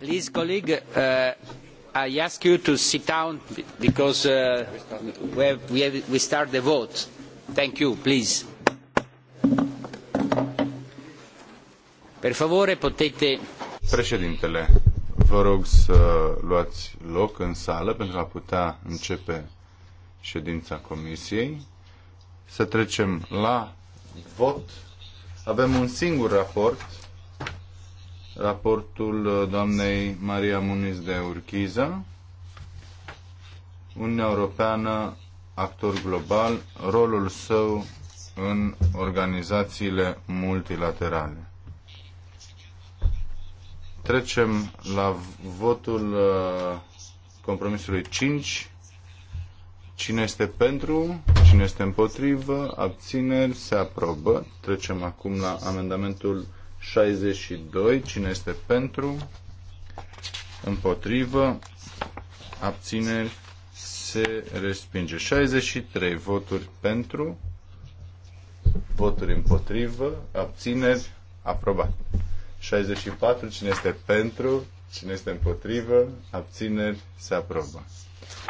Please, colleague, uh, I ask you to sit down because uh, we, have, we, have, we start the vote. Thank you, please. Per favore, potete... Președintele, vă rog să luați loc în sală pentru a putea începe ședința comisiei. Să trecem la vot. Avem un singur raport raportul uh, doamnei Maria Muniz de Urchiza, Uniunea Europeană, actor global, rolul său în organizațiile multilaterale. Trecem la votul uh, compromisului 5. Cine este pentru? Cine este împotrivă? Abțineri? Se aprobă. Trecem acum la amendamentul 62. Cine este pentru? Împotrivă. Abțineri. Se respinge. 63. Voturi pentru. Voturi împotrivă. Abțineri. Aprobat. 64. Cine este pentru? Cine este împotrivă? Abțineri. Se aprobă.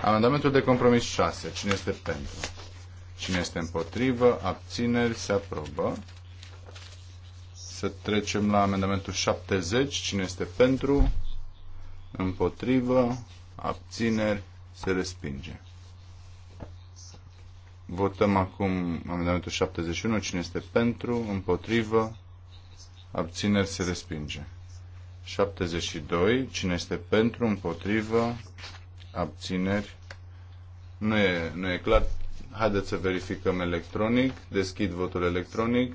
Amendamentul de compromis 6. Cine este pentru? Cine este împotrivă? Abțineri. Se aprobă. Să trecem la amendamentul 70. Cine este pentru? Împotrivă? Abțineri? Se respinge. Votăm acum amendamentul 71. Cine este pentru? Împotrivă? Abțineri? Se respinge. 72. Cine este pentru? Împotrivă? Abțineri? Nu e, nu e clar. Haideți să verificăm electronic. Deschid votul electronic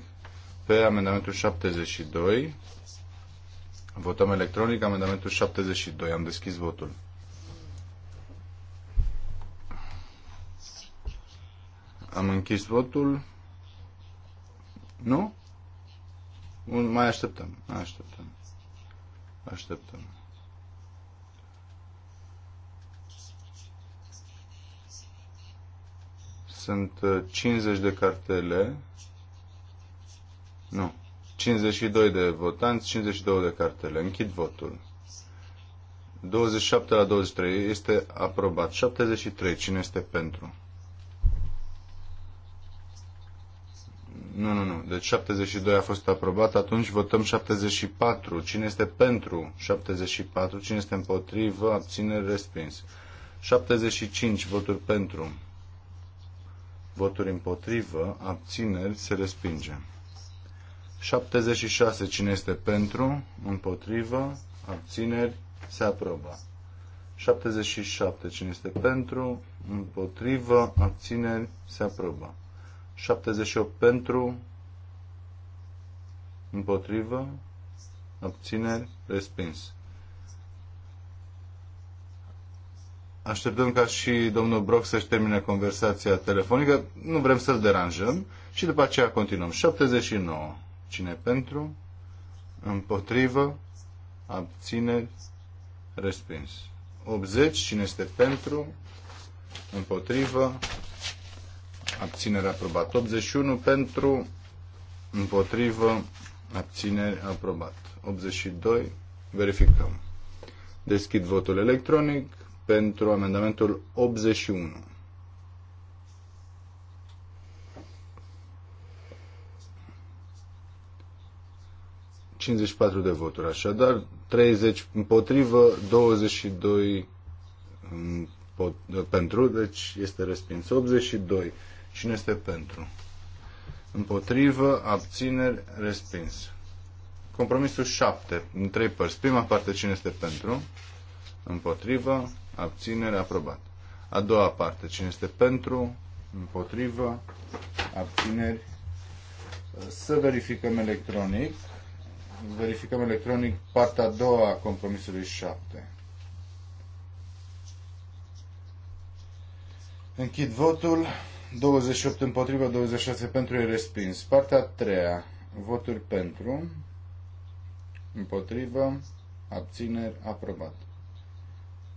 pe amendamentul 72. Votăm electronic amendamentul 72. Am deschis votul. Am închis votul. Nu? Un, mai așteptăm. Așteptăm. Așteptăm. Sunt 50 uh, de cartele nu. 52 de votanți, 52 de cartele. Închid votul. 27 la 23 este aprobat. 73. Cine este pentru? Nu, nu, nu. Deci 72 a fost aprobat. Atunci votăm 74. Cine este pentru 74? Cine este împotrivă? Abțineri respins. 75 voturi pentru. Voturi împotrivă. Abțineri se respinge. 76. Cine este pentru? Împotrivă? Abțineri? Se aprobă. 77. Cine este pentru? Împotrivă? Abțineri? Se aprobă. 78. Pentru? Împotrivă? Abțineri? Respins. Așteptăm ca și domnul Brock să-și termine conversația telefonică. Nu vrem să-l deranjăm. Și după aceea continuăm. 79. Cine pentru? Împotrivă? abține, Respins. 80. Cine este pentru? Împotrivă? Abținere aprobat. 81 pentru, împotrivă, abținere aprobat. 82, verificăm. Deschid votul electronic pentru amendamentul 81. 54 de voturi, așadar 30 împotrivă, 22 pentru, deci este respins. 82. Cine este pentru? Împotrivă, abțineri, respins. Compromisul 7, în trei părți. Prima parte, cine este pentru? Împotrivă, abținere, aprobat. A doua parte, cine este pentru? Împotrivă, abțineri. Să verificăm electronic verificăm electronic partea a doua a compromisului 7. Închid votul. 28 împotriva, 26 pentru e respins. Partea a treia. Voturi pentru. Împotrivă. Abțineri. Aprobat.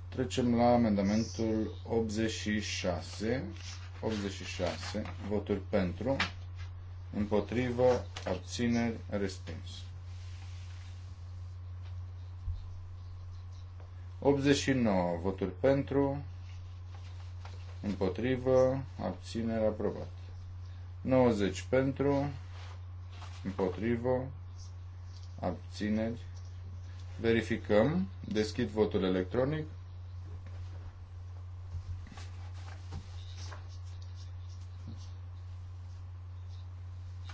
Trecem la amendamentul 86. 86. Voturi pentru. Împotrivă. Abțineri. Respins. 89 voturi pentru, împotrivă, abținere aprobat. 90 pentru, împotrivă, abțineri. Verificăm, deschid votul electronic.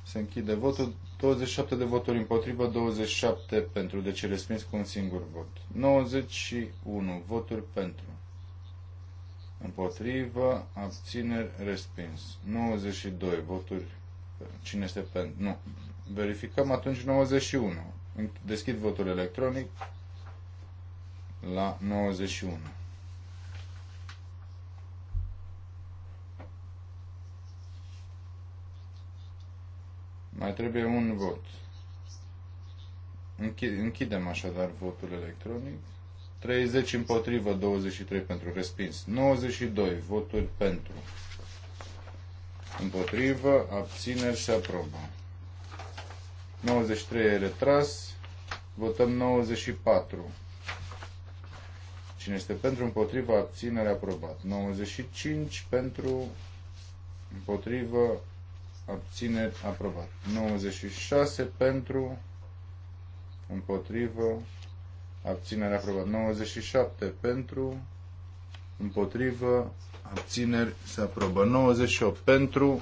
Se închide votul 27 de voturi împotrivă, 27 pentru, deci respins cu un singur vot. 91 voturi pentru. Împotrivă, abțineri, respins. 92 voturi. Cine este pentru? Nu. Verificăm atunci 91. Deschid votul electronic la 91. Mai trebuie un vot. Închidem așadar votul electronic. 30 împotrivă, 23 pentru respins. 92 voturi pentru. Împotrivă, abțineri și aprobă. 93 e retras. Votăm 94. Cine este pentru, împotrivă, abținere, aprobat. 95 pentru, împotrivă, abțineri, aprobat. 96 pentru, împotrivă, abțineri, aprobat. 97 pentru, împotrivă, abțineri, se aprobă. 98 pentru,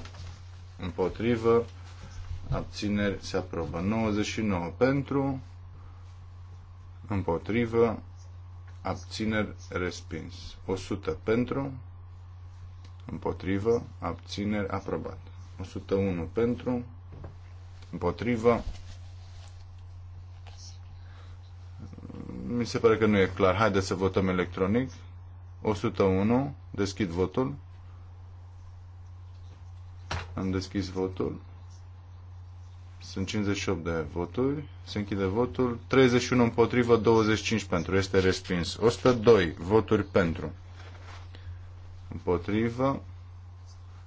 împotrivă, abțineri, se aprobă. 99 pentru, împotrivă, abțineri, respins. 100 pentru, împotrivă, abțineri, aprobat. 101 pentru, împotrivă. Mi se pare că nu e clar. Haideți să votăm electronic. 101, deschid votul. Am deschis votul. Sunt 58 de voturi. Se închide votul. 31 împotrivă, 25 pentru. Este respins. 102 voturi pentru. Împotrivă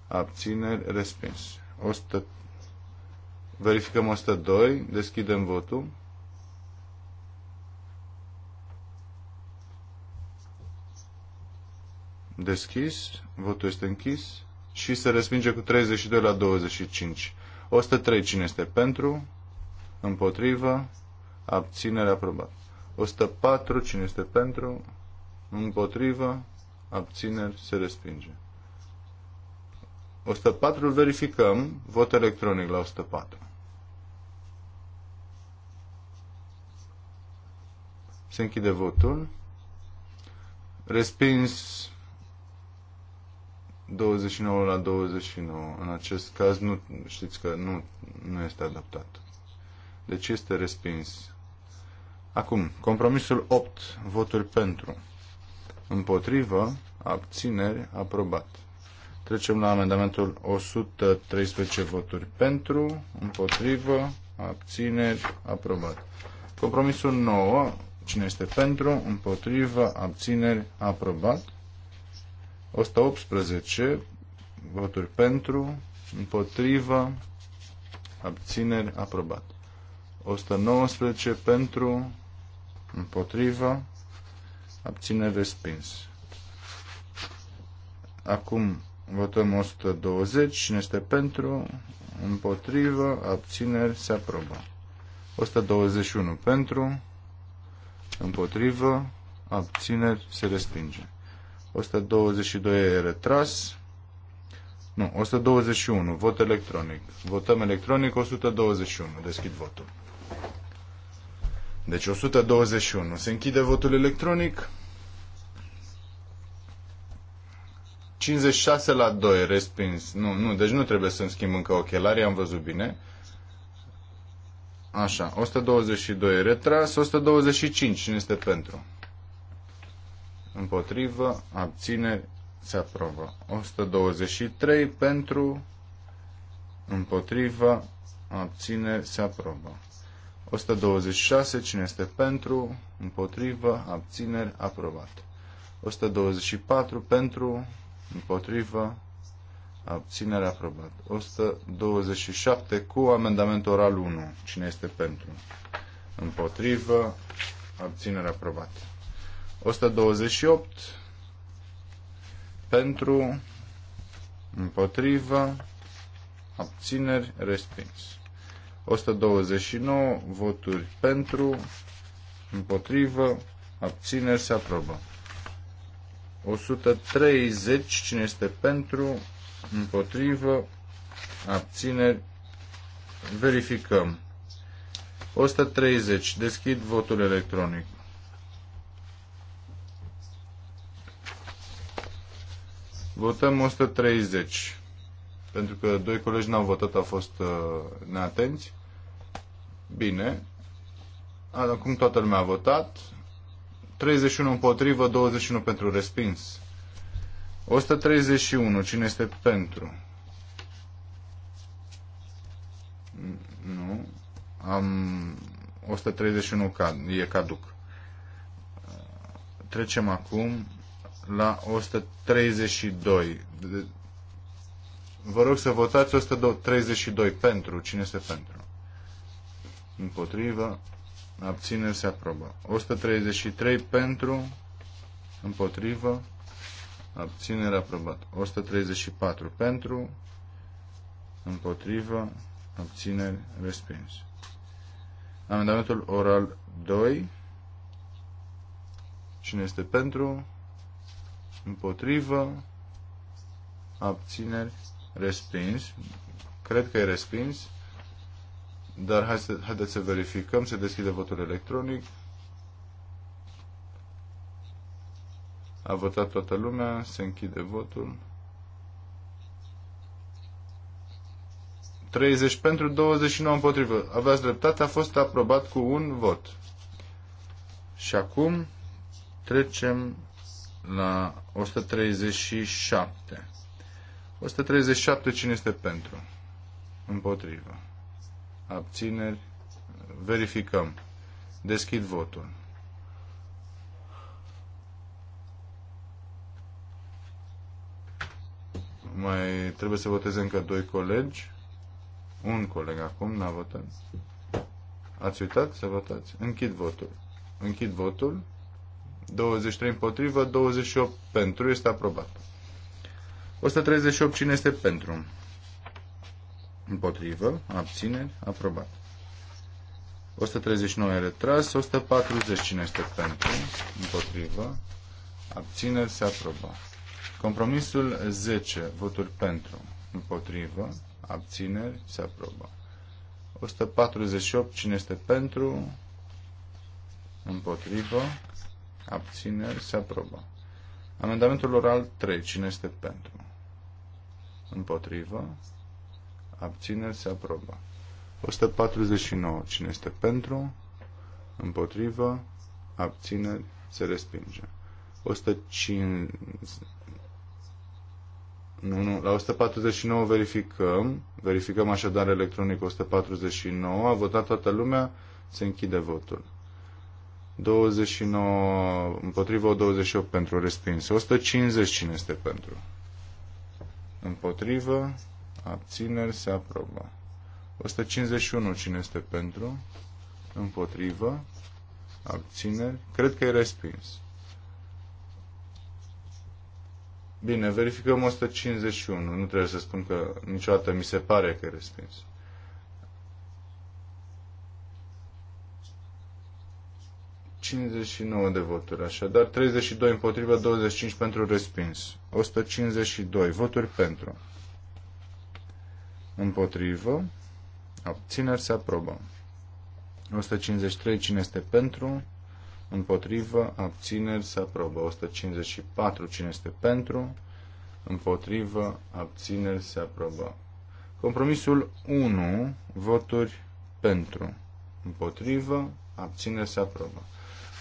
abțineri, respins. 100... Verificăm 102, deschidem votul. Deschis, votul este închis și se respinge cu 32 la 25. 103 cine este pentru, împotrivă, abținere aprobat. 104 cine este pentru, împotrivă, abțineri se respinge. 104 îl verificăm. Vot electronic la 104. Se închide votul. Respins 29 la 29. În acest caz nu, știți că nu, nu este adaptat. Deci este respins. Acum, compromisul 8. Voturi pentru. Împotrivă, abțineri, aprobat. Trecem la amendamentul 113 voturi pentru, împotrivă, abțineri, aprobat. Compromisul 9, cine este pentru, împotrivă, abțineri, aprobat. 118 voturi pentru, împotrivă, abțineri, aprobat. 119 pentru, împotrivă, abțineri, respins. Acum Votăm 120. Cine este pentru? Împotrivă. Abțineri. Se aprobă. 121 pentru. Împotrivă. Abțineri. Se respinge. 122 e retras. Nu, 121. Vot electronic. Votăm electronic 121. Deschid votul. Deci 121. Se închide votul electronic. 56 la 2, respins. Nu, nu, deci nu trebuie să-mi schimb încă ochelarii, am văzut bine. Așa, 122 retras, 125, cine este pentru? Împotrivă, abțineri, se aprobă. 123 pentru, împotrivă, abțineri, se aprobă. 126, cine este pentru, împotrivă, abțineri, aprobat. 124 pentru, Împotrivă. Abținere aprobat. 127 cu amendament oral 1. Cine este pentru? Împotrivă. Abținere aprobat. 128 pentru, împotrivă, abțineri, respins. 129 voturi pentru, împotrivă, abțineri, se aprobă. 130. Cine este pentru? Împotrivă? Abțineri? Verificăm. 130. Deschid votul electronic. Votăm 130. Pentru că doi colegi n-au votat, au fost uh, neatenți. Bine. Acum toată lumea a votat. 31 împotrivă, 21 pentru respins. 131. Cine este pentru? Nu. Am 131 cad, e caduc. Trecem acum la 132. Vă rog să votați 132 pentru. Cine este pentru? Împotrivă. Abține se aprobă. 133 pentru, împotrivă, abținere aprobat. 134 pentru, împotrivă, abțineri respins. Amendamentul oral 2. Cine este pentru? Împotrivă? Abțineri? Respins? Cred că e respins. Dar hai să, haideți să verificăm, se deschide votul electronic. A votat toată lumea, se închide votul. 30 pentru, 29 împotrivă. Aveați dreptate, a fost aprobat cu un vot. Și acum trecem la 137. 137 cine este pentru? Împotrivă abțineri, verificăm. Deschid votul. Mai trebuie să voteze încă doi colegi. Un coleg acum n-a votat. Ați uitat să votați? Închid votul. Închid votul. 23 împotrivă, 28 pentru. Este aprobat. 138 cine este pentru? Împotrivă. Abțineri. Aprobat. 139 e retras. 140 cine este pentru? Împotrivă. Abțineri. Se aprobă. Compromisul 10. Voturi pentru. Împotrivă. Abțineri. Se aprobă. 148. Cine este pentru? Împotrivă. Abțineri. Se aprobă. Amendamentul oral 3. Cine este pentru? Împotrivă abțineri, se aprobă. 149. Cine este pentru, împotrivă, abțineri, se respinge. 105. Nu, nu, la 149 verificăm. Verificăm așadar electronic 149. A votat toată lumea, se închide votul. 29 împotrivă, 28 pentru respins. 150 cine este pentru? Împotrivă, abțineri, se aprobă. 151 cine este pentru, împotrivă, abțineri, cred că e respins. Bine, verificăm 151. Nu trebuie să spun că niciodată mi se pare că e respins. ...59 de voturi, așadar 32 împotriva, 25 pentru respins. 152 voturi pentru împotrivă, abțineri se aprobă. 153 cine este pentru, împotrivă, abțineri se aprobă. 154 cine este pentru, împotrivă, abțineri se aprobă. Compromisul 1, voturi pentru, împotrivă, abțineri se aprobă.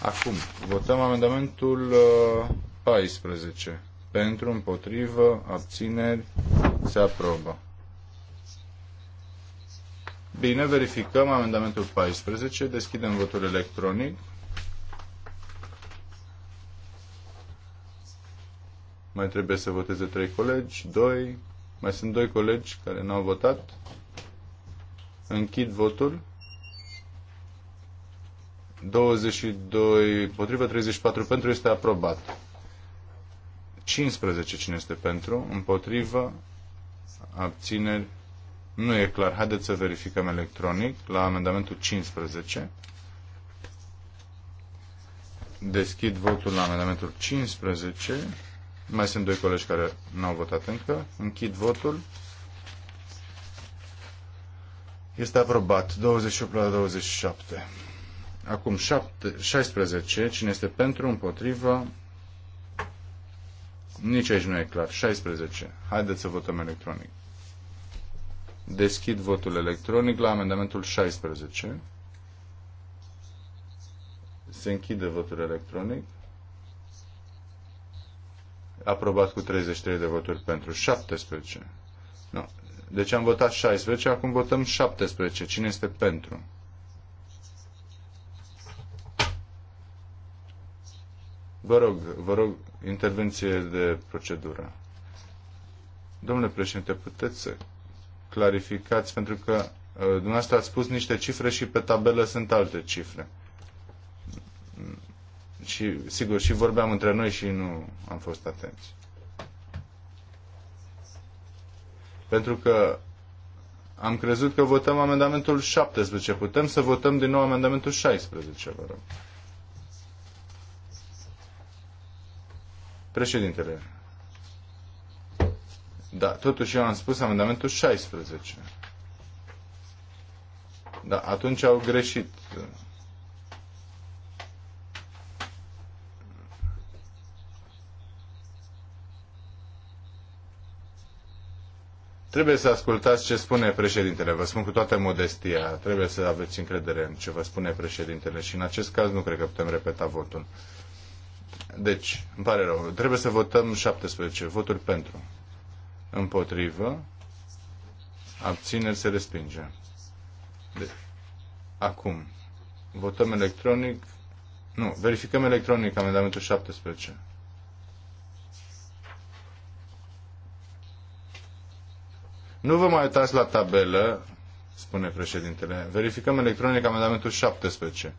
Acum, votăm amendamentul 14. Uh, pentru, împotrivă, abțineri, se aprobă. Bine, verificăm amendamentul 14. Deschidem votul electronic. Mai trebuie să voteze trei colegi, doi. Mai sunt doi colegi care n-au votat. Închid votul. 22 potrivă 34 pentru este aprobat. 15 cine este pentru, împotrivă, abțineri, nu e clar. Haideți să verificăm electronic la amendamentul 15. Deschid votul la amendamentul 15. Mai sunt doi colegi care n-au votat încă. Închid votul. Este aprobat. 28 la 27. Acum 7, 16. Cine este pentru, împotrivă? Nici aici nu e clar. 16. Haideți să votăm electronic. Deschid votul electronic la amendamentul 16. Se închide votul electronic. Aprobat cu 33 de voturi pentru 17. No. Deci am votat 16, acum votăm 17. Cine este pentru? Vă rog, vă rog, intervenție de procedură. Domnule președinte, puteți să clarificați, pentru că uh, dumneavoastră ați spus niște cifre și pe tabelă sunt alte cifre. Și, sigur, și vorbeam între noi și nu am fost atenți. Pentru că am crezut că votăm amendamentul 17. Putem să votăm din nou amendamentul 16, vă rog. Președintele, da, totuși eu am spus amendamentul 16. Da, atunci au greșit. Trebuie să ascultați ce spune președintele. Vă spun cu toată modestia. Trebuie să aveți încredere în ce vă spune președintele și în acest caz nu cred că putem repeta votul. Deci, îmi pare rău. Trebuie să votăm 17 voturi pentru împotrivă, abține, se respinge. De- deci, Acum, votăm electronic, nu, verificăm electronic amendamentul 17. Nu vă mai uitați la tabelă, spune președintele. Verificăm electronic amendamentul 17.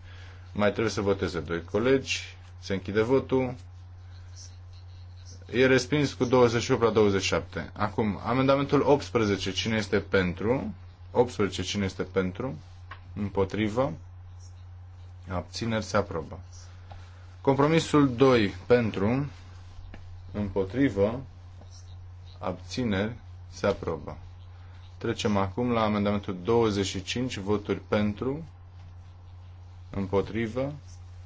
Mai trebuie să voteze doi colegi. Se închide votul. E respins cu 28 la 27. Acum, amendamentul 18. Cine este pentru? 18. Cine este pentru? Împotrivă? Abțineri se aprobă. Compromisul 2. Pentru? Împotrivă? Abțineri se aprobă. Trecem acum la amendamentul 25. Voturi pentru? Împotrivă?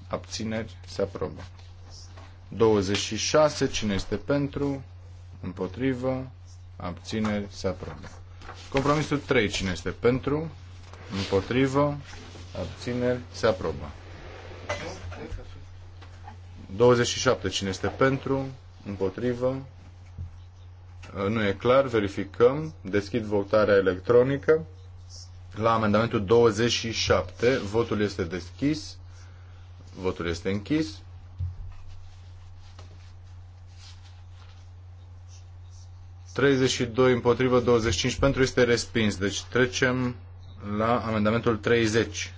Abțineri se aprobă. 26. Cine este pentru? Împotrivă? Abțineri? Se aprobă. Compromisul 3. Cine este pentru? Împotrivă? Abțineri? Se aprobă. 27. Cine este pentru? Împotrivă? Uh, nu e clar. Verificăm. Deschid votarea electronică. La amendamentul 27, votul este deschis. Votul este închis. 32 împotrivă, 25 pentru, este respins. Deci trecem la amendamentul 30.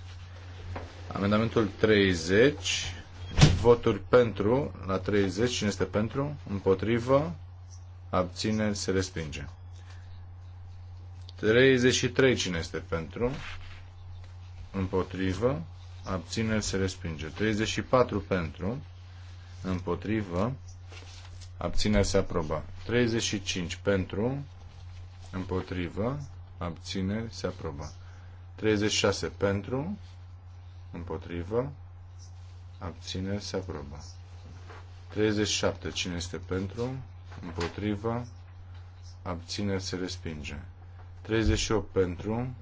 Amendamentul 30, voturi pentru, la 30, cine este pentru, împotrivă, abține se respinge. 33, cine este pentru, împotrivă, abține se respinge. 34 pentru, împotrivă, abține se aprobă. 35 pentru, împotrivă, abțineri, se aprobă. 36 pentru, împotrivă, abțineri, se aprobă. 37. Cine este pentru, împotrivă, abțineri, se respinge. 38 pentru,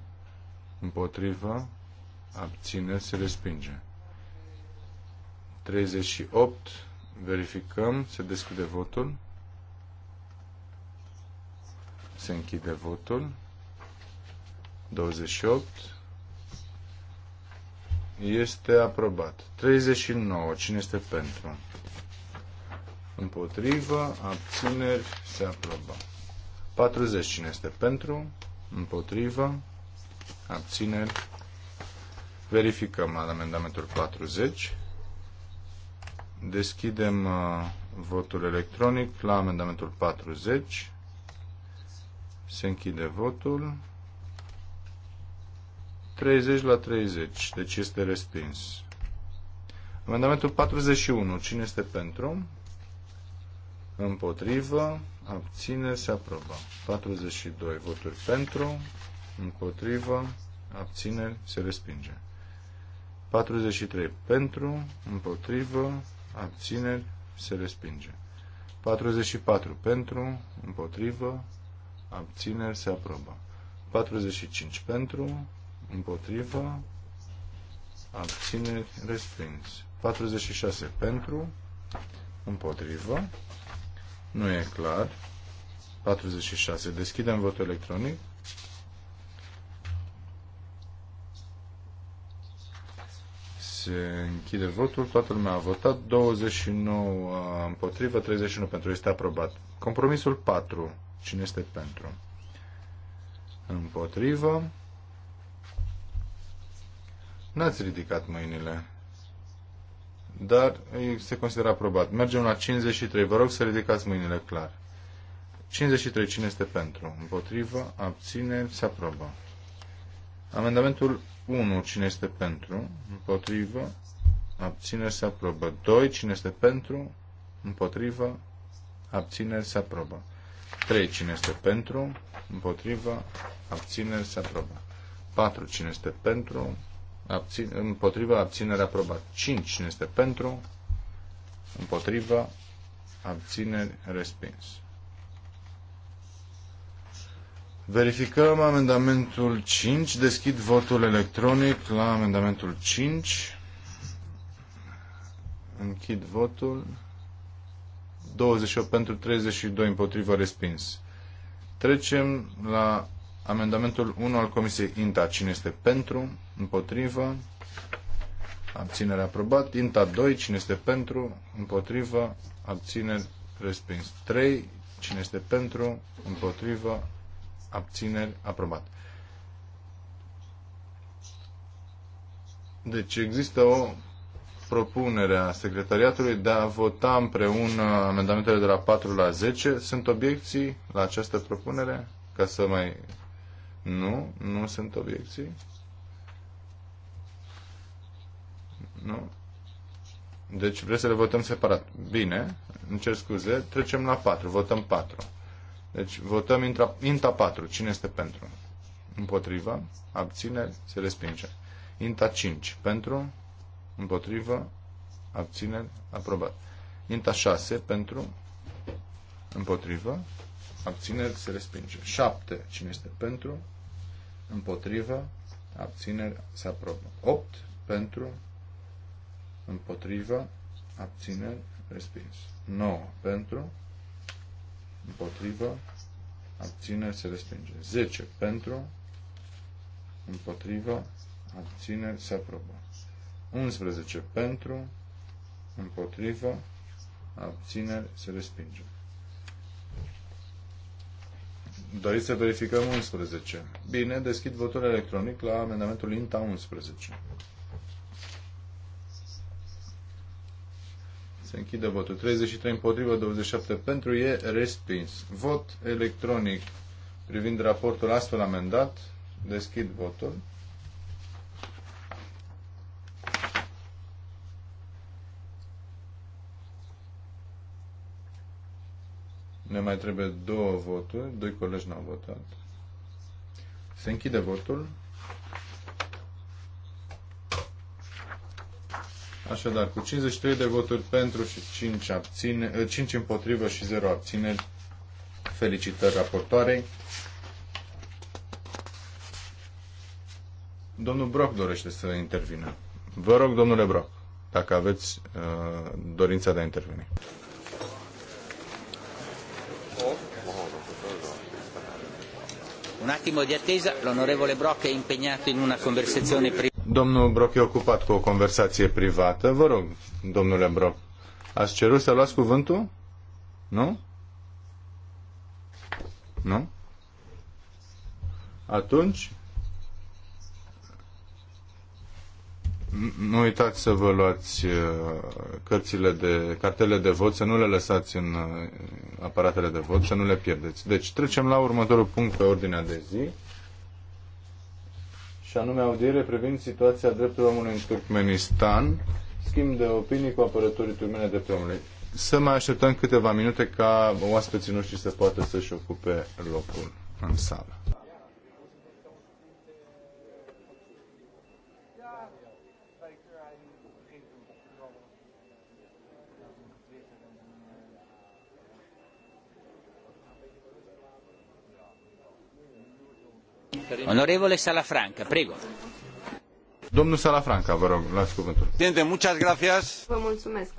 împotrivă, abțineri, se respinge. 38. Verificăm, se deschide votul. Se închide votul. 28. Este aprobat. 39. Cine este pentru? Împotrivă. Abțineri. Se aprobă. 40. Cine este pentru? Împotrivă. Abțineri. Verificăm la amendamentul 40. Deschidem uh, votul electronic la amendamentul 40. Se închide votul. 30 la 30, deci este respins. Amendamentul 41. Cine este pentru? Împotrivă. Abține. Se aprobă. 42 voturi pentru. Împotrivă. abține, Se respinge. 43 pentru. Împotrivă. abține, Se respinge. 44 pentru. Împotrivă abțineri se aprobă. 45 pentru, împotrivă, abțineri respins. 46 pentru, împotrivă, nu e clar. 46. Deschidem votul electronic. se închide votul, toată lumea a votat, 29 împotrivă, 31 pentru, este aprobat. Compromisul 4. Cine este pentru? Împotrivă. N-ați ridicat mâinile. Dar se considera aprobat. Mergem la 53. Vă rog să ridicați mâinile clar. 53. Cine este pentru? Împotrivă. Abține. Se aprobă. Amendamentul 1. Cine este pentru? Împotrivă. Abține. Se aprobă. 2. Cine este pentru? Împotrivă. Abține. Se aprobă. 3. Cine este pentru? Împotrivă? Abțineri? Se aprobă. 4. Cine este pentru? Abțin, împotrivă? Abținere? Aprobat. 5. Cine este pentru? Împotrivă? Abțineri? Respins. Verificăm amendamentul 5. Deschid votul electronic la amendamentul 5. Închid votul. 28 pentru 32 împotrivă respins. Trecem la amendamentul 1 al Comisiei INTA. Cine este pentru? Împotrivă? Abținere aprobat. INTA 2. Cine este pentru? Împotrivă? Abțineri respins. 3. Cine este pentru? Împotrivă? Abțineri aprobat. Deci există o propunerea secretariatului de a vota împreună amendamentele de la 4 la 10. Sunt obiecții la această propunere? Ca să mai... Nu, nu sunt obiecții. Nu? Deci vreți să le votăm separat. Bine, îmi cer scuze. Trecem la 4. Votăm 4. Deci votăm intra, INTA 4. Cine este pentru? Împotriva? Abține? Se respinge. INTA 5. Pentru? împotrivă, abțineri, aprobat. Inta 6 pentru, împotrivă, abțineri, se respinge. 7, cine este pentru, împotrivă, abțineri, se aprobă. 8 pentru, împotrivă, abțineri, respins. 9 pentru, împotrivă, abțineri, se respinge. 10 pentru, împotrivă, abțineri, se aprobă. 11 pentru, împotrivă, abțineri, se respinge. Doriți să verificăm 11. Bine, deschid votul electronic la amendamentul INTA 11. Se închide votul. 33 împotrivă, 27 pentru. E respins. Vot electronic privind raportul astfel amendat. Deschid votul. Ne mai trebuie două voturi. Doi colegi n-au votat. Se închide votul. Așadar, cu 53 de voturi pentru și 5, abține, 5 eh, împotrivă și 0 abțineri, felicitări raportoarei. Domnul Broc dorește să intervină. Vă rog, domnule Broc, dacă aveți uh, dorința de a interveni. Un attimo di attesa, l'onorevole Brock è impegnato in una conversazione privata. Domnul Brock e ocupat cu o conversație privată. Vă rog, domnule Brock, ați cerut să luați cuvântul? Nu? Nu? Atunci, nu uitați să vă luați uh, cărțile de, cartele de vot, să nu le lăsați în uh, aparatele de vot, să nu le pierdeți. Deci trecem la următorul punct pe ordinea de zi și anume audiere privind situația drepturilor omului în Turkmenistan, schimb de opinii cu apărătorii turmene de omului. Să mai așteptăm câteva minute ca oaspeții noștri să poată să-și ocupe locul în sală. Onorevole Salafranca, prego. Domnul Salafranca, vă rog, luați cuvântul. Presidente, muchas gracias. Vă mulțumesc.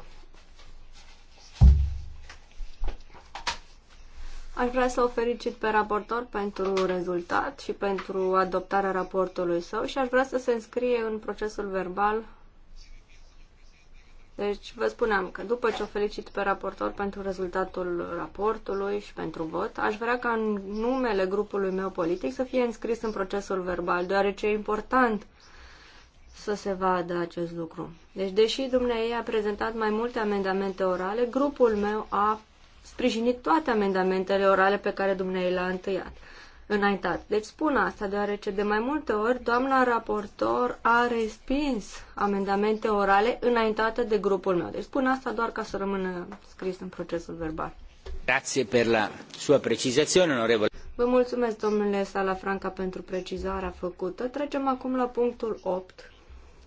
Aș vrea să o felicit pe raportor pentru rezultat și pentru adoptarea raportului său și aș vrea să se înscrie în procesul verbal deci vă spuneam că după ce o felicit pe raportor pentru rezultatul raportului și pentru vot, aș vrea ca în numele grupului meu politic să fie înscris în procesul verbal, deoarece e important să se vadă acest lucru. Deci, deși dumneavoastră a prezentat mai multe amendamente orale, grupul meu a sprijinit toate amendamentele orale pe care dumneavoastră le-a întâiat înaintat. Deci spun asta, deoarece de mai multe ori doamna raportor a respins amendamente orale înaintate de grupul meu. Deci spun asta doar ca să rămână scris în procesul verbal. Grazie per la sua onorevole. Vă mulțumesc, domnule Salafranca, pentru precizarea făcută. Trecem acum la punctul 8.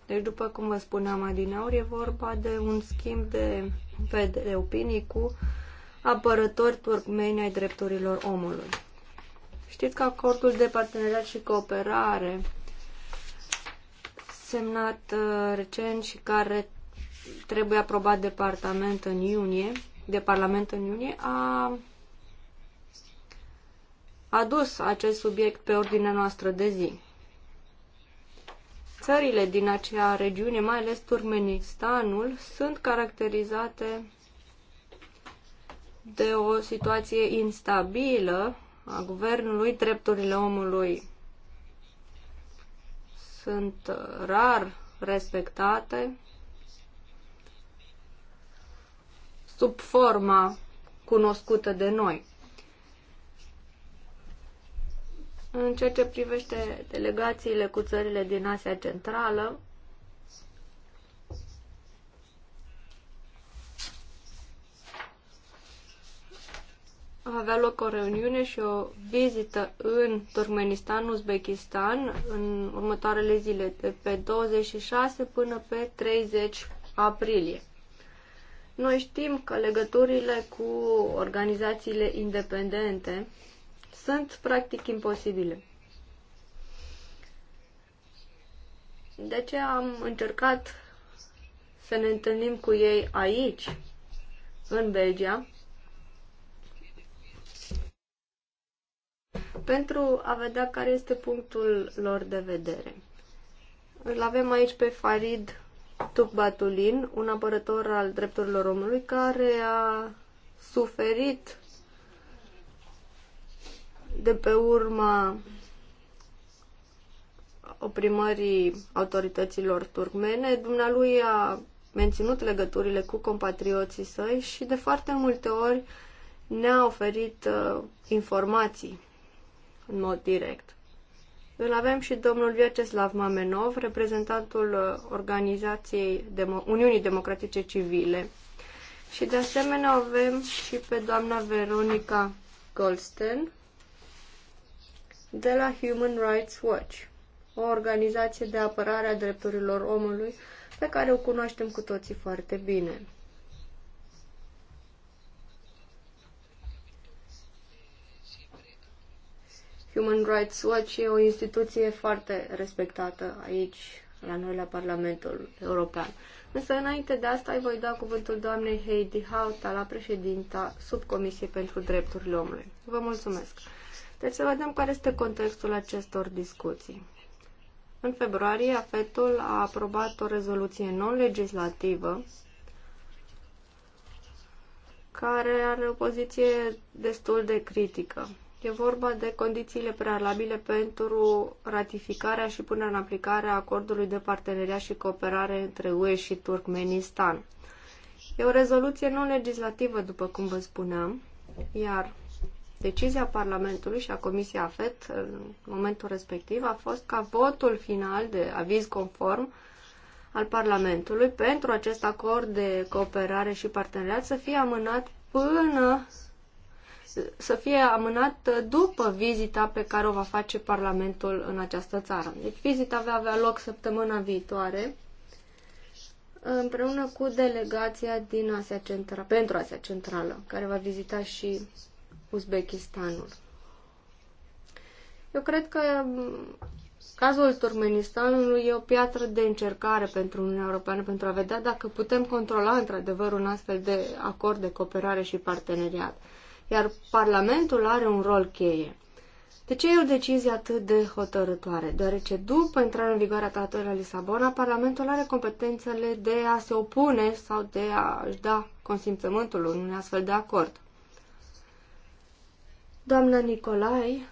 Deci, după cum vă spuneam adineauri, e vorba de un schimb de, de opinii cu apărători turcmeni ai drepturilor omului. Știți că acordul de parteneriat și cooperare semnat uh, recent și care trebuie aprobat de Parlament în iunie, de Parlament în iunie, a adus acest subiect pe ordinea noastră de zi. Țările din acea regiune, mai ales Turmenistanul, sunt caracterizate de o situație instabilă a guvernului, drepturile omului sunt uh, rar respectate sub forma cunoscută de noi. În ceea ce privește delegațiile cu țările din Asia Centrală, va avea loc o reuniune și o vizită în Turkmenistan, Uzbekistan, în următoarele zile, de pe 26 până pe 30 aprilie. Noi știm că legăturile cu organizațiile independente sunt practic imposibile. De ce am încercat să ne întâlnim cu ei aici, în Belgia, pentru a vedea care este punctul lor de vedere. Îl avem aici pe Farid Tukbatulin, un apărător al drepturilor omului care a suferit de pe urma oprimării autorităților turcmene. Dumnealui a menținut legăturile cu compatrioții săi și de foarte multe ori ne-a oferit uh, informații în mod direct. Îl avem și domnul Vyacheslav Mamenov, reprezentantul uh, Organizației Demo- Uniunii Democratice Civile. Și de asemenea avem și pe doamna Veronica Goldstein de la Human Rights Watch, o organizație de apărare a drepturilor omului pe care o cunoaștem cu toții foarte bine. Human Rights Watch e o instituție foarte respectată aici, la noi, la Parlamentul European. Însă, înainte de asta, îi voi da cuvântul doamnei Heidi Hauta, la președinta Subcomisiei pentru Drepturile Omului. Vă mulțumesc! Deci să vedem care este contextul acestor discuții. În februarie, AFET-ul a aprobat o rezoluție non-legislativă care are o poziție destul de critică. E vorba de condițiile prealabile pentru ratificarea și punerea în aplicare a acordului de parteneriat și cooperare între UE și Turkmenistan. E o rezoluție non-legislativă, după cum vă spuneam, iar decizia Parlamentului și a Comisiei AFET în momentul respectiv a fost ca votul final de aviz conform al Parlamentului pentru acest acord de cooperare și parteneriat să fie amânat până să fie amânat după vizita pe care o va face Parlamentul în această țară. Deci vizita va avea loc săptămâna viitoare împreună cu delegația din Asia Centrală, pentru Asia Centrală, care va vizita și Uzbekistanul. Eu cred că mm, cazul Turmenistanului e o piatră de încercare pentru Uniunea Europeană pentru a vedea dacă putem controla într-adevăr un astfel de acord de cooperare și parteneriat iar Parlamentul are un rol cheie. De ce e o decizie atât de hotărătoare? Deoarece după intrarea în vigoare a tratatului la Lisabona, Parlamentul are competențele de a se opune sau de a-și da consimțământul unui astfel de acord. Doamna Nicolai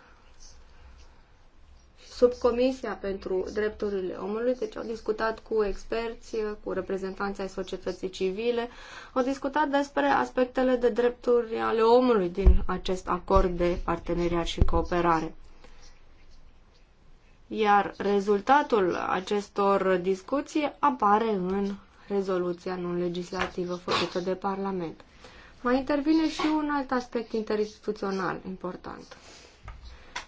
subcomisia pentru drepturile omului, deci au discutat cu experți, cu reprezentanții ai societății civile, au discutat despre aspectele de drepturi ale omului din acest acord de parteneriat și cooperare. Iar rezultatul acestor discuții apare în rezoluția non-legislativă făcută de Parlament. Mai intervine și un alt aspect interinstituțional important.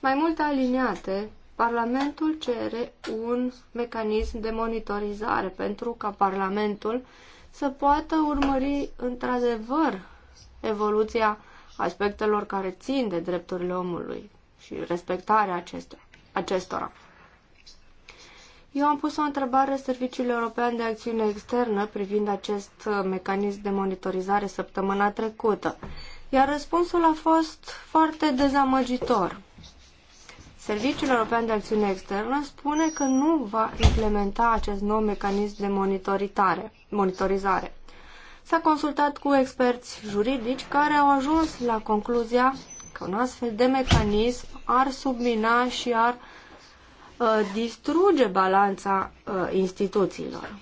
Mai multe aliniate Parlamentul cere un mecanism de monitorizare pentru ca Parlamentul să poată urmări într-adevăr evoluția aspectelor care țin de drepturile omului și respectarea acestora. Eu am pus o întrebare Serviciului European de Acțiune Externă privind acest uh, mecanism de monitorizare săptămâna trecută, iar răspunsul a fost foarte dezamăgitor. Serviciul European de Acțiune Externă spune că nu va implementa acest nou mecanism de monitorizare. S-a consultat cu experți juridici care au ajuns la concluzia că un astfel de mecanism ar submina și ar uh, distruge balanța uh, instituțiilor.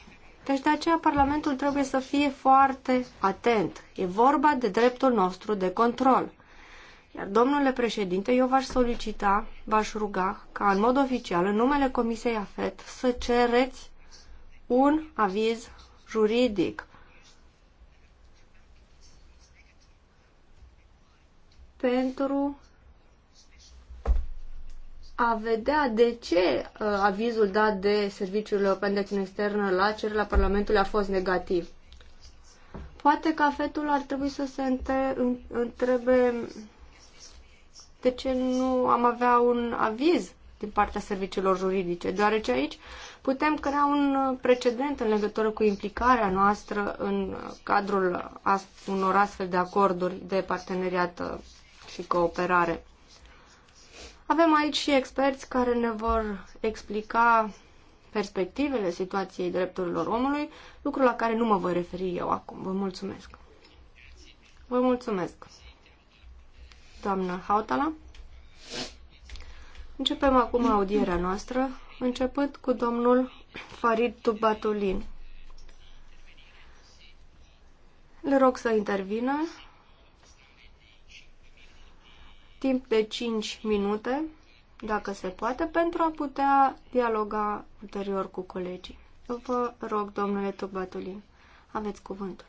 Deci de aceea Parlamentul trebuie să fie foarte atent. E vorba de dreptul nostru de control. Iar, domnule președinte, eu v-aș solicita, v-aș ruga ca în mod oficial, în numele Comisiei AFET, să cereți un aviz juridic pentru a vedea de ce uh, avizul dat de Serviciul open de Acțiune Externă la cererea Parlamentului a fost negativ. Poate că afetul ar trebui să se întrebe de ce nu am avea un aviz din partea serviciilor juridice, deoarece aici putem crea un precedent în legătură cu implicarea noastră în cadrul unor astfel de acorduri de parteneriat uh, și cooperare. Avem aici și experți care ne vor explica perspectivele situației drepturilor omului, lucru la care nu mă voi referi eu acum. Vă mulțumesc! Vă mulțumesc! doamnă Hautala. Începem acum audierea noastră, începând cu domnul Farid Tubatulin. Le rog să intervină timp de 5 minute, dacă se poate, pentru a putea dialoga ulterior cu colegii. Vă rog, domnule Tubatulin, aveți cuvântul.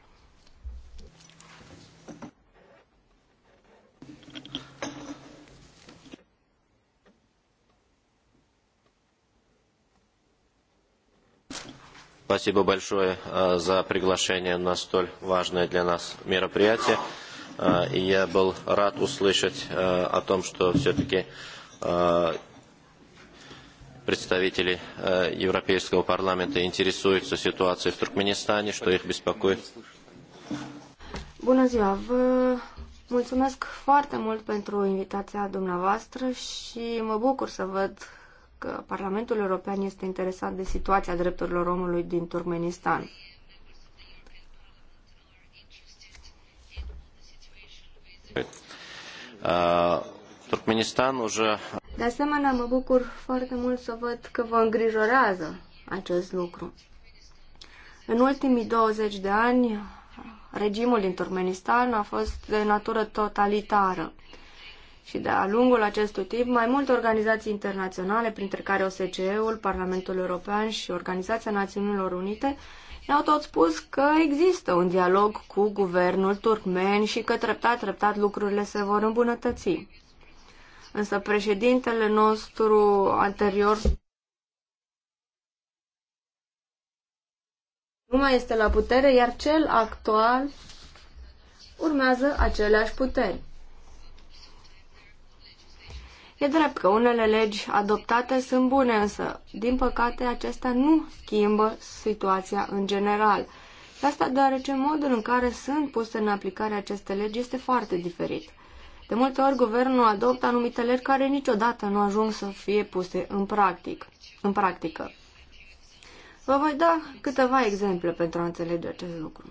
Спасибо большое за приглашение на столь важное для нас мероприятие. И я был рад услышать о том, что все-таки представители Европейского парламента интересуются ситуацией в Туркменистане, что их беспокоит. Bună mulțumesc foarte mult pentru invitația dumneavoastră și mă bucur să văd că Parlamentul European este interesat de situația drepturilor omului din Turkmenistan. Uh, de asemenea, mă bucur foarte mult să văd că vă îngrijorează acest lucru. În ultimii 20 de ani, regimul din Turkmenistan a fost de natură totalitară. Și de-a lungul acestui timp, mai multe organizații internaționale, printre care OSCE-ul, Parlamentul European și Organizația Națiunilor Unite, ne-au tot spus că există un dialog cu guvernul turcmen și că treptat, treptat lucrurile se vor îmbunătăți. Însă președintele nostru anterior nu mai este la putere, iar cel actual urmează aceleași puteri. E drept că unele legi adoptate sunt bune, însă, din păcate, acestea nu schimbă situația în general. Și asta deoarece modul în care sunt puse în aplicare aceste legi este foarte diferit. De multe ori, guvernul adoptă anumite legi care niciodată nu ajung să fie puse în, practic, în practică. Vă voi da câteva exemple pentru a înțelege acest lucru.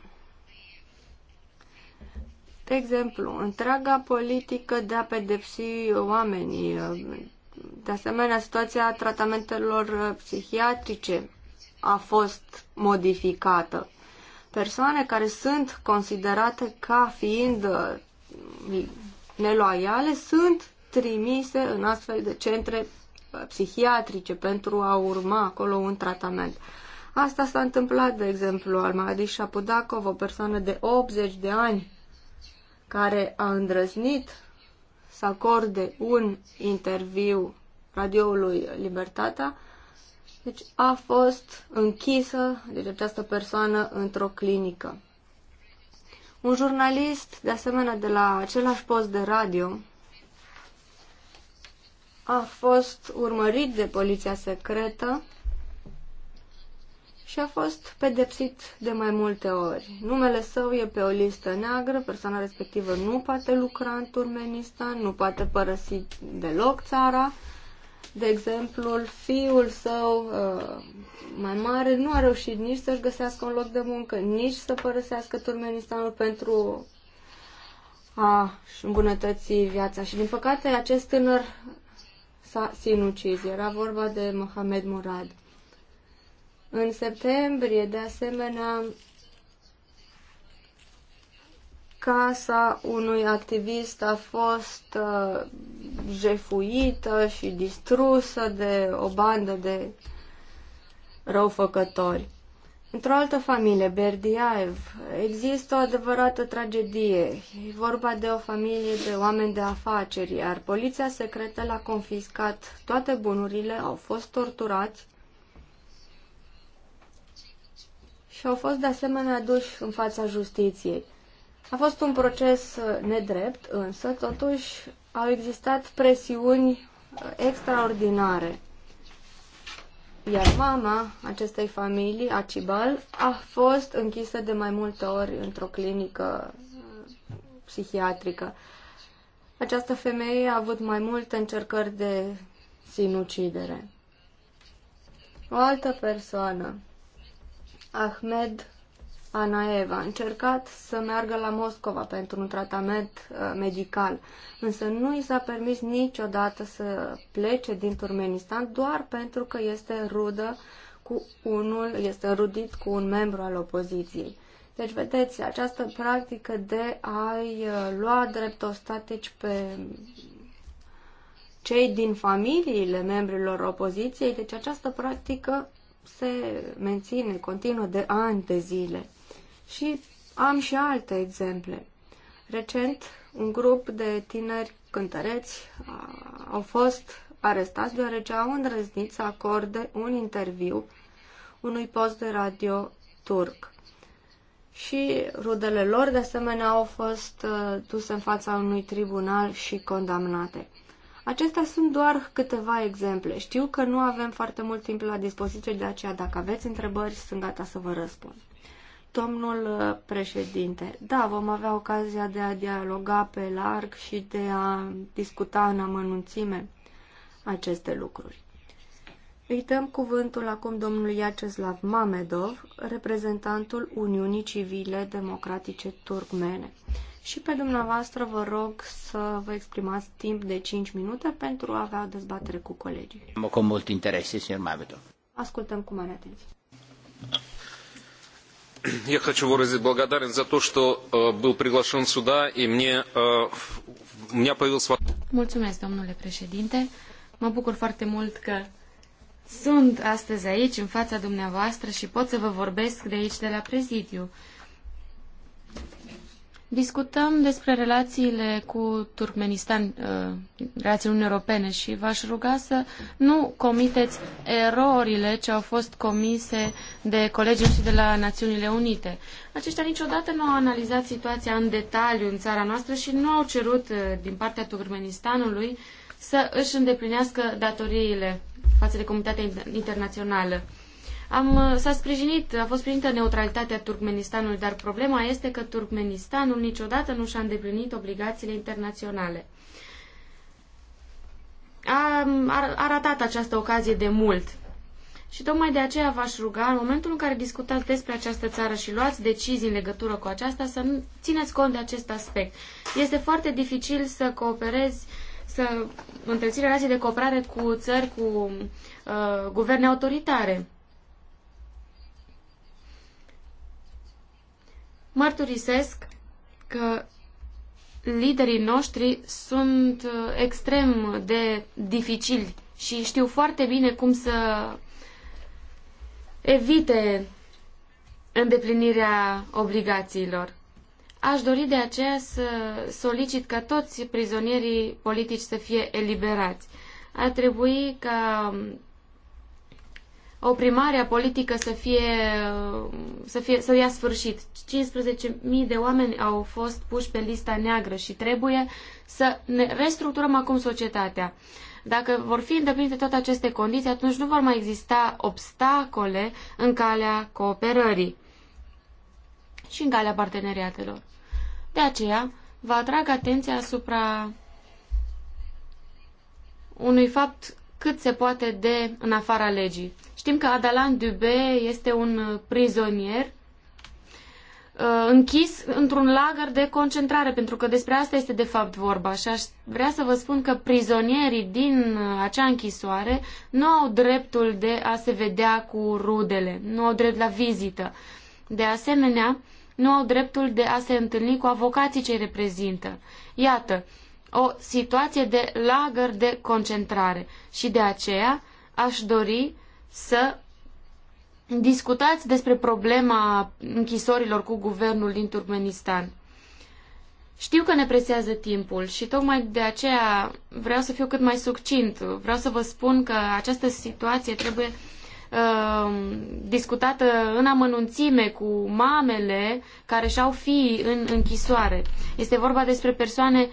De exemplu, întreaga politică de a pedepsi oamenii, de asemenea, situația tratamentelor psihiatrice a fost modificată. Persoane care sunt considerate ca fiind neloiale sunt trimise în astfel de centre psihiatrice pentru a urma acolo un tratament. Asta s-a întâmplat, de exemplu, al Maradis Shapudakov, o persoană de 80 de ani care a îndrăznit să acorde un interviu radioului Libertatea, deci a fost închisă, deci această persoană, într-o clinică. Un jurnalist, de asemenea, de la același post de radio, a fost urmărit de poliția secretă și a fost pedepsit de mai multe ori. Numele său e pe o listă neagră, persoana respectivă nu poate lucra în Turmenistan, nu poate părăsi deloc țara. De exemplu, fiul său uh, mai mare nu a reușit nici să-și găsească un loc de muncă, nici să părăsească Turmenistanul pentru a îmbunătăți viața. Și din păcate acest tânăr s-a sinucis. Era vorba de Mohamed Murad. În septembrie, de asemenea, casa unui activist a fost uh, jefuită și distrusă de o bandă de răufăcători. Într-o altă familie, Berdiaev, există o adevărată tragedie. E vorba de o familie de oameni de afaceri, iar poliția secretă l-a confiscat toate bunurile, au fost torturați au fost de asemenea duși în fața justiției. A fost un proces uh, nedrept, însă totuși au existat presiuni uh, extraordinare. Iar mama acestei familii, Acibal, a fost închisă de mai multe ori într-o clinică uh, psihiatrică. Această femeie a avut mai multe încercări de sinucidere. O altă persoană Ahmed Anaeva a încercat să meargă la Moscova pentru un tratament uh, medical, însă nu i s-a permis niciodată să plece din Turmenistan doar pentru că este rudă cu unul, este rudit cu un membru al opoziției. Deci, vedeți, această practică de a-i uh, lua drept ostatici pe cei din familiile membrilor opoziției, deci această practică se menține, continuă de ani de zile. Și am și alte exemple. Recent, un grup de tineri cântăreți au fost arestați deoarece au îndrăznit să acorde un interviu unui post de radio turc. Și rudele lor, de asemenea, au fost uh, duse în fața unui tribunal și condamnate. Acestea sunt doar câteva exemple. Știu că nu avem foarte mult timp la dispoziție, de aceea dacă aveți întrebări, sunt gata să vă răspund. Domnul uh, președinte, da, vom avea ocazia de a dialoga pe larg și de a discuta în amănunțime aceste lucruri. Îi dăm cuvântul acum domnului Iaceslav Mamedov, reprezentantul Uniunii Civile Democratice Turcmene și pe dumneavoastră vă rog să vă exprimați timp de 5 minute pentru a avea o dezbatere cu colegii. Mă cu mult interes, sincer, mai avut Ascultăm cu mare atenție. Я хочу выразить благодарность за то, что э, был приглашен сюда, и мне, э, у меня появился... вопрос. Mulțumesc, домнуле președinte. Mă bucur foarte mult că sunt astăzi aici, în fața dumneavoastră, și pot să vă vorbesc de aici, de la prezidiu. Discutăm despre relațiile cu Turkmenistan, uh, relațiile Uniunii Europene și v-aș ruga să nu comiteți erorile ce au fost comise de colegii și de la Națiunile Unite. Aceștia niciodată nu au analizat situația în detaliu în țara noastră și nu au cerut uh, din partea Turkmenistanului să își îndeplinească datoriile față de comunitatea internațională. Am, s-a sprijinit, a fost sprijinită neutralitatea Turkmenistanului, dar problema este că Turkmenistanul niciodată nu și-a îndeplinit obligațiile internaționale. A, a, a ratat această ocazie de mult. Și tocmai de aceea v-aș ruga, în momentul în care discutați despre această țară și luați decizii în legătură cu aceasta, să nu țineți cont de acest aspect. Este foarte dificil să cooperezi, să întreții relații de cooperare cu țări, cu uh, guverne autoritare. Mărturisesc că liderii noștri sunt uh, extrem de dificili și știu foarte bine cum să evite îndeplinirea obligațiilor. Aș dori de aceea să solicit ca toți prizonierii politici să fie eliberați. Ar trebui ca oprimarea politică să fie, să, fie, să ia sfârșit. 15.000 de oameni au fost puși pe lista neagră și trebuie să ne restructurăm acum societatea. Dacă vor fi îndeplinite toate aceste condiții, atunci nu vor mai exista obstacole în calea cooperării și în calea parteneriatelor. De aceea, vă atrag atenția asupra unui fapt cât se poate de în afara legii. Știm că Adalan Dubé este un uh, prizonier uh, închis într-un lagăr de concentrare, pentru că despre asta este de fapt vorba și aș vrea să vă spun că prizonierii din uh, acea închisoare nu au dreptul de a se vedea cu rudele, nu au drept la vizită. De asemenea, nu au dreptul de a se întâlni cu avocații ce îi reprezintă. Iată, o situație de lagăr de concentrare și de aceea aș dori să discutați despre problema închisorilor cu guvernul din Turkmenistan. Știu că ne presează timpul și tocmai de aceea vreau să fiu cât mai succint. Vreau să vă spun că această situație trebuie um, discutată în amănunțime cu mamele care și-au fii în închisoare. Este vorba despre persoane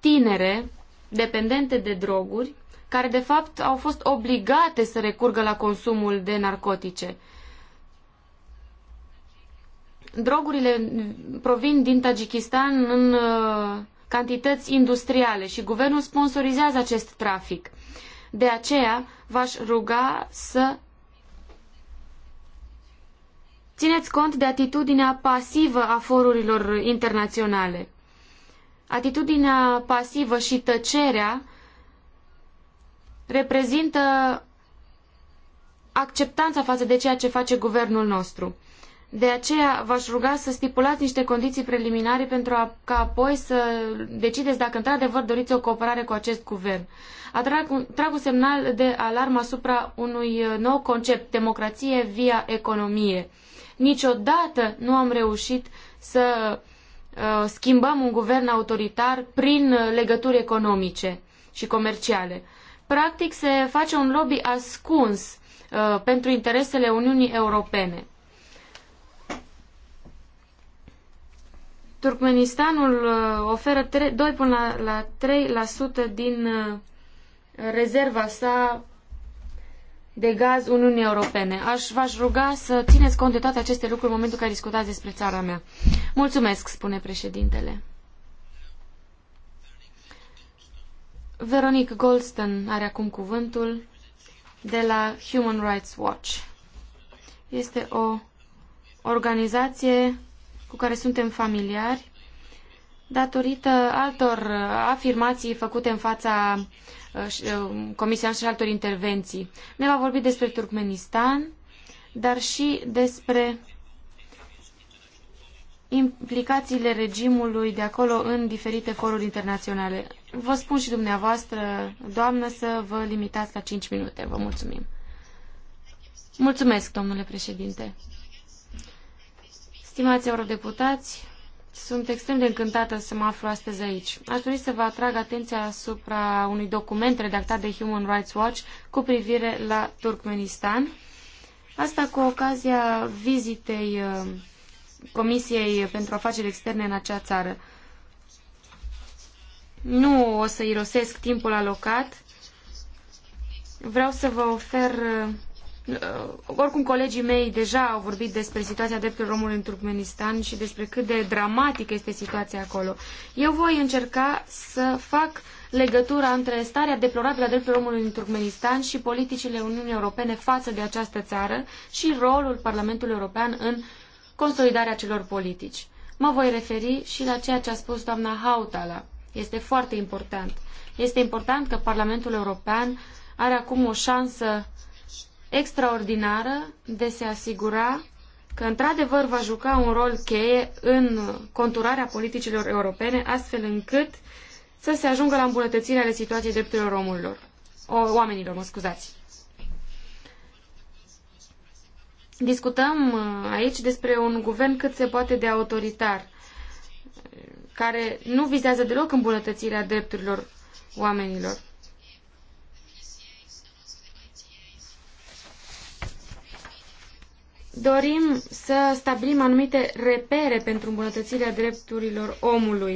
tinere dependente de droguri, care de fapt au fost obligate să recurgă la consumul de narcotice. Drogurile provin din Tajikistan în uh, cantități industriale și guvernul sponsorizează acest trafic. De aceea v-aș ruga să țineți cont de atitudinea pasivă a forurilor internaționale. Atitudinea pasivă și tăcerea reprezintă acceptanța față de ceea ce face guvernul nostru. De aceea v-aș ruga să stipulați niște condiții preliminare pentru a, ca apoi să decideți dacă într-adevăr doriți o cooperare cu acest guvern. Atrag, trag un semnal de alarmă asupra unui uh, nou concept, democrație via economie. Niciodată nu am reușit să Uh, schimbăm un guvern autoritar prin legături economice și comerciale. Practic se face un lobby ascuns uh, pentru interesele Uniunii Europene. Turkmenistanul uh, oferă 2 până la 3% din rezerva sa de gaz Uniunii Europene. Aș v-aș ruga să țineți cont de toate aceste lucruri în momentul în care discutați despre țara mea. Mulțumesc, spune președintele. Veronique Goldstein are acum cuvântul de la Human Rights Watch. Este o organizație cu care suntem familiari datorită altor afirmații făcute în fața Uh, uh, Comisia și altor intervenții. Ne va vorbi despre Turkmenistan, dar și despre implicațiile regimului de acolo în diferite foruri internaționale. Vă spun și dumneavoastră, doamnă, să vă limitați la 5 minute. Vă mulțumim. Mulțumesc, domnule președinte. Stimați eurodeputați, sunt extrem de încântată să mă aflu astăzi aici. Aș dori să vă atrag atenția asupra unui document redactat de Human Rights Watch cu privire la Turkmenistan. Asta cu ocazia vizitei uh, Comisiei pentru Afaceri Externe în acea țară. Nu o să irosesc timpul alocat. Vreau să vă ofer uh, Uh, oricum, colegii mei deja au vorbit despre situația drepturilor omului în Turkmenistan și despre cât de dramatică este situația acolo. Eu voi încerca să fac legătura între starea deplorabilă a drepturilor omului în Turkmenistan și politicile Uniunii Europene față de această țară și rolul Parlamentului European în consolidarea celor politici. Mă voi referi și la ceea ce a spus doamna Hautala. Este foarte important. Este important că Parlamentul European are acum o șansă uh, extraordinară de se asigura că într-adevăr va juca un rol cheie în conturarea politicilor europene, astfel încât să se ajungă la îmbunătățirea ale situației drepturilor omurilor, o, oamenilor. Mă scuzați. Discutăm uh, aici despre un guvern cât se poate de autoritar, care nu vizează deloc îmbunătățirea drepturilor oamenilor. dorim să stabilim anumite repere pentru îmbunătățirea drepturilor omului.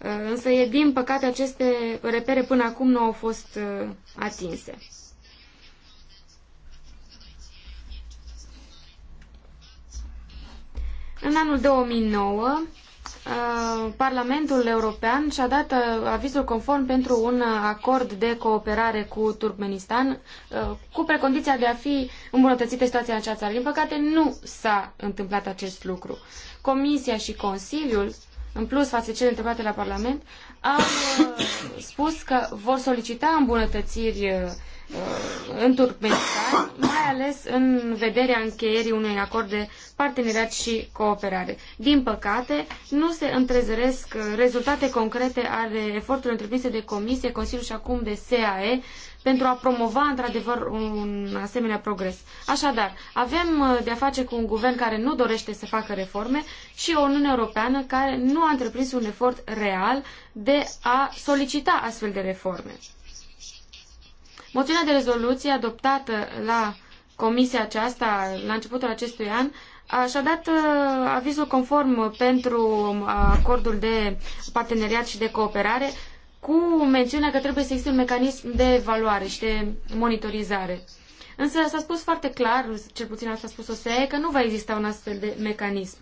Uh, însă, e, din păcate, aceste repere până acum nu au fost uh, atinse. În anul 2009 Uh, Parlamentul European și-a dat uh, avizul conform pentru un acord de cooperare cu Turkmenistan, uh, cu precondiția de a fi îmbunătățită situația în acea țară. Din păcate, nu s-a întâmplat acest lucru. Comisia și Consiliul, în plus față de cele întrebate la Parlament, au spus că vor solicita îmbunătățiri în Turkmenistan, mai ales în vederea încheierii unui acord de parteneriat și cooperare. Din păcate, nu se întrezăresc rezultate concrete ale eforturilor întreprinse de Comisie, Consiliu și acum de SAE pentru a promova într-adevăr un asemenea progres. Așadar, avem de-a face cu un guvern care nu dorește să facă reforme și o Uniune Europeană care nu a întreprins un efort real de a solicita astfel de reforme. Moțiunea de rezoluție adoptată la comisia aceasta la începutul acestui an și-a dat uh, avizul conform pentru um, acordul de parteneriat și de cooperare cu mențiunea că trebuie să existe un mecanism de evaluare și de monitorizare. Însă s-a spus foarte clar, cel puțin asta a spus SEA, că nu va exista un astfel de mecanism.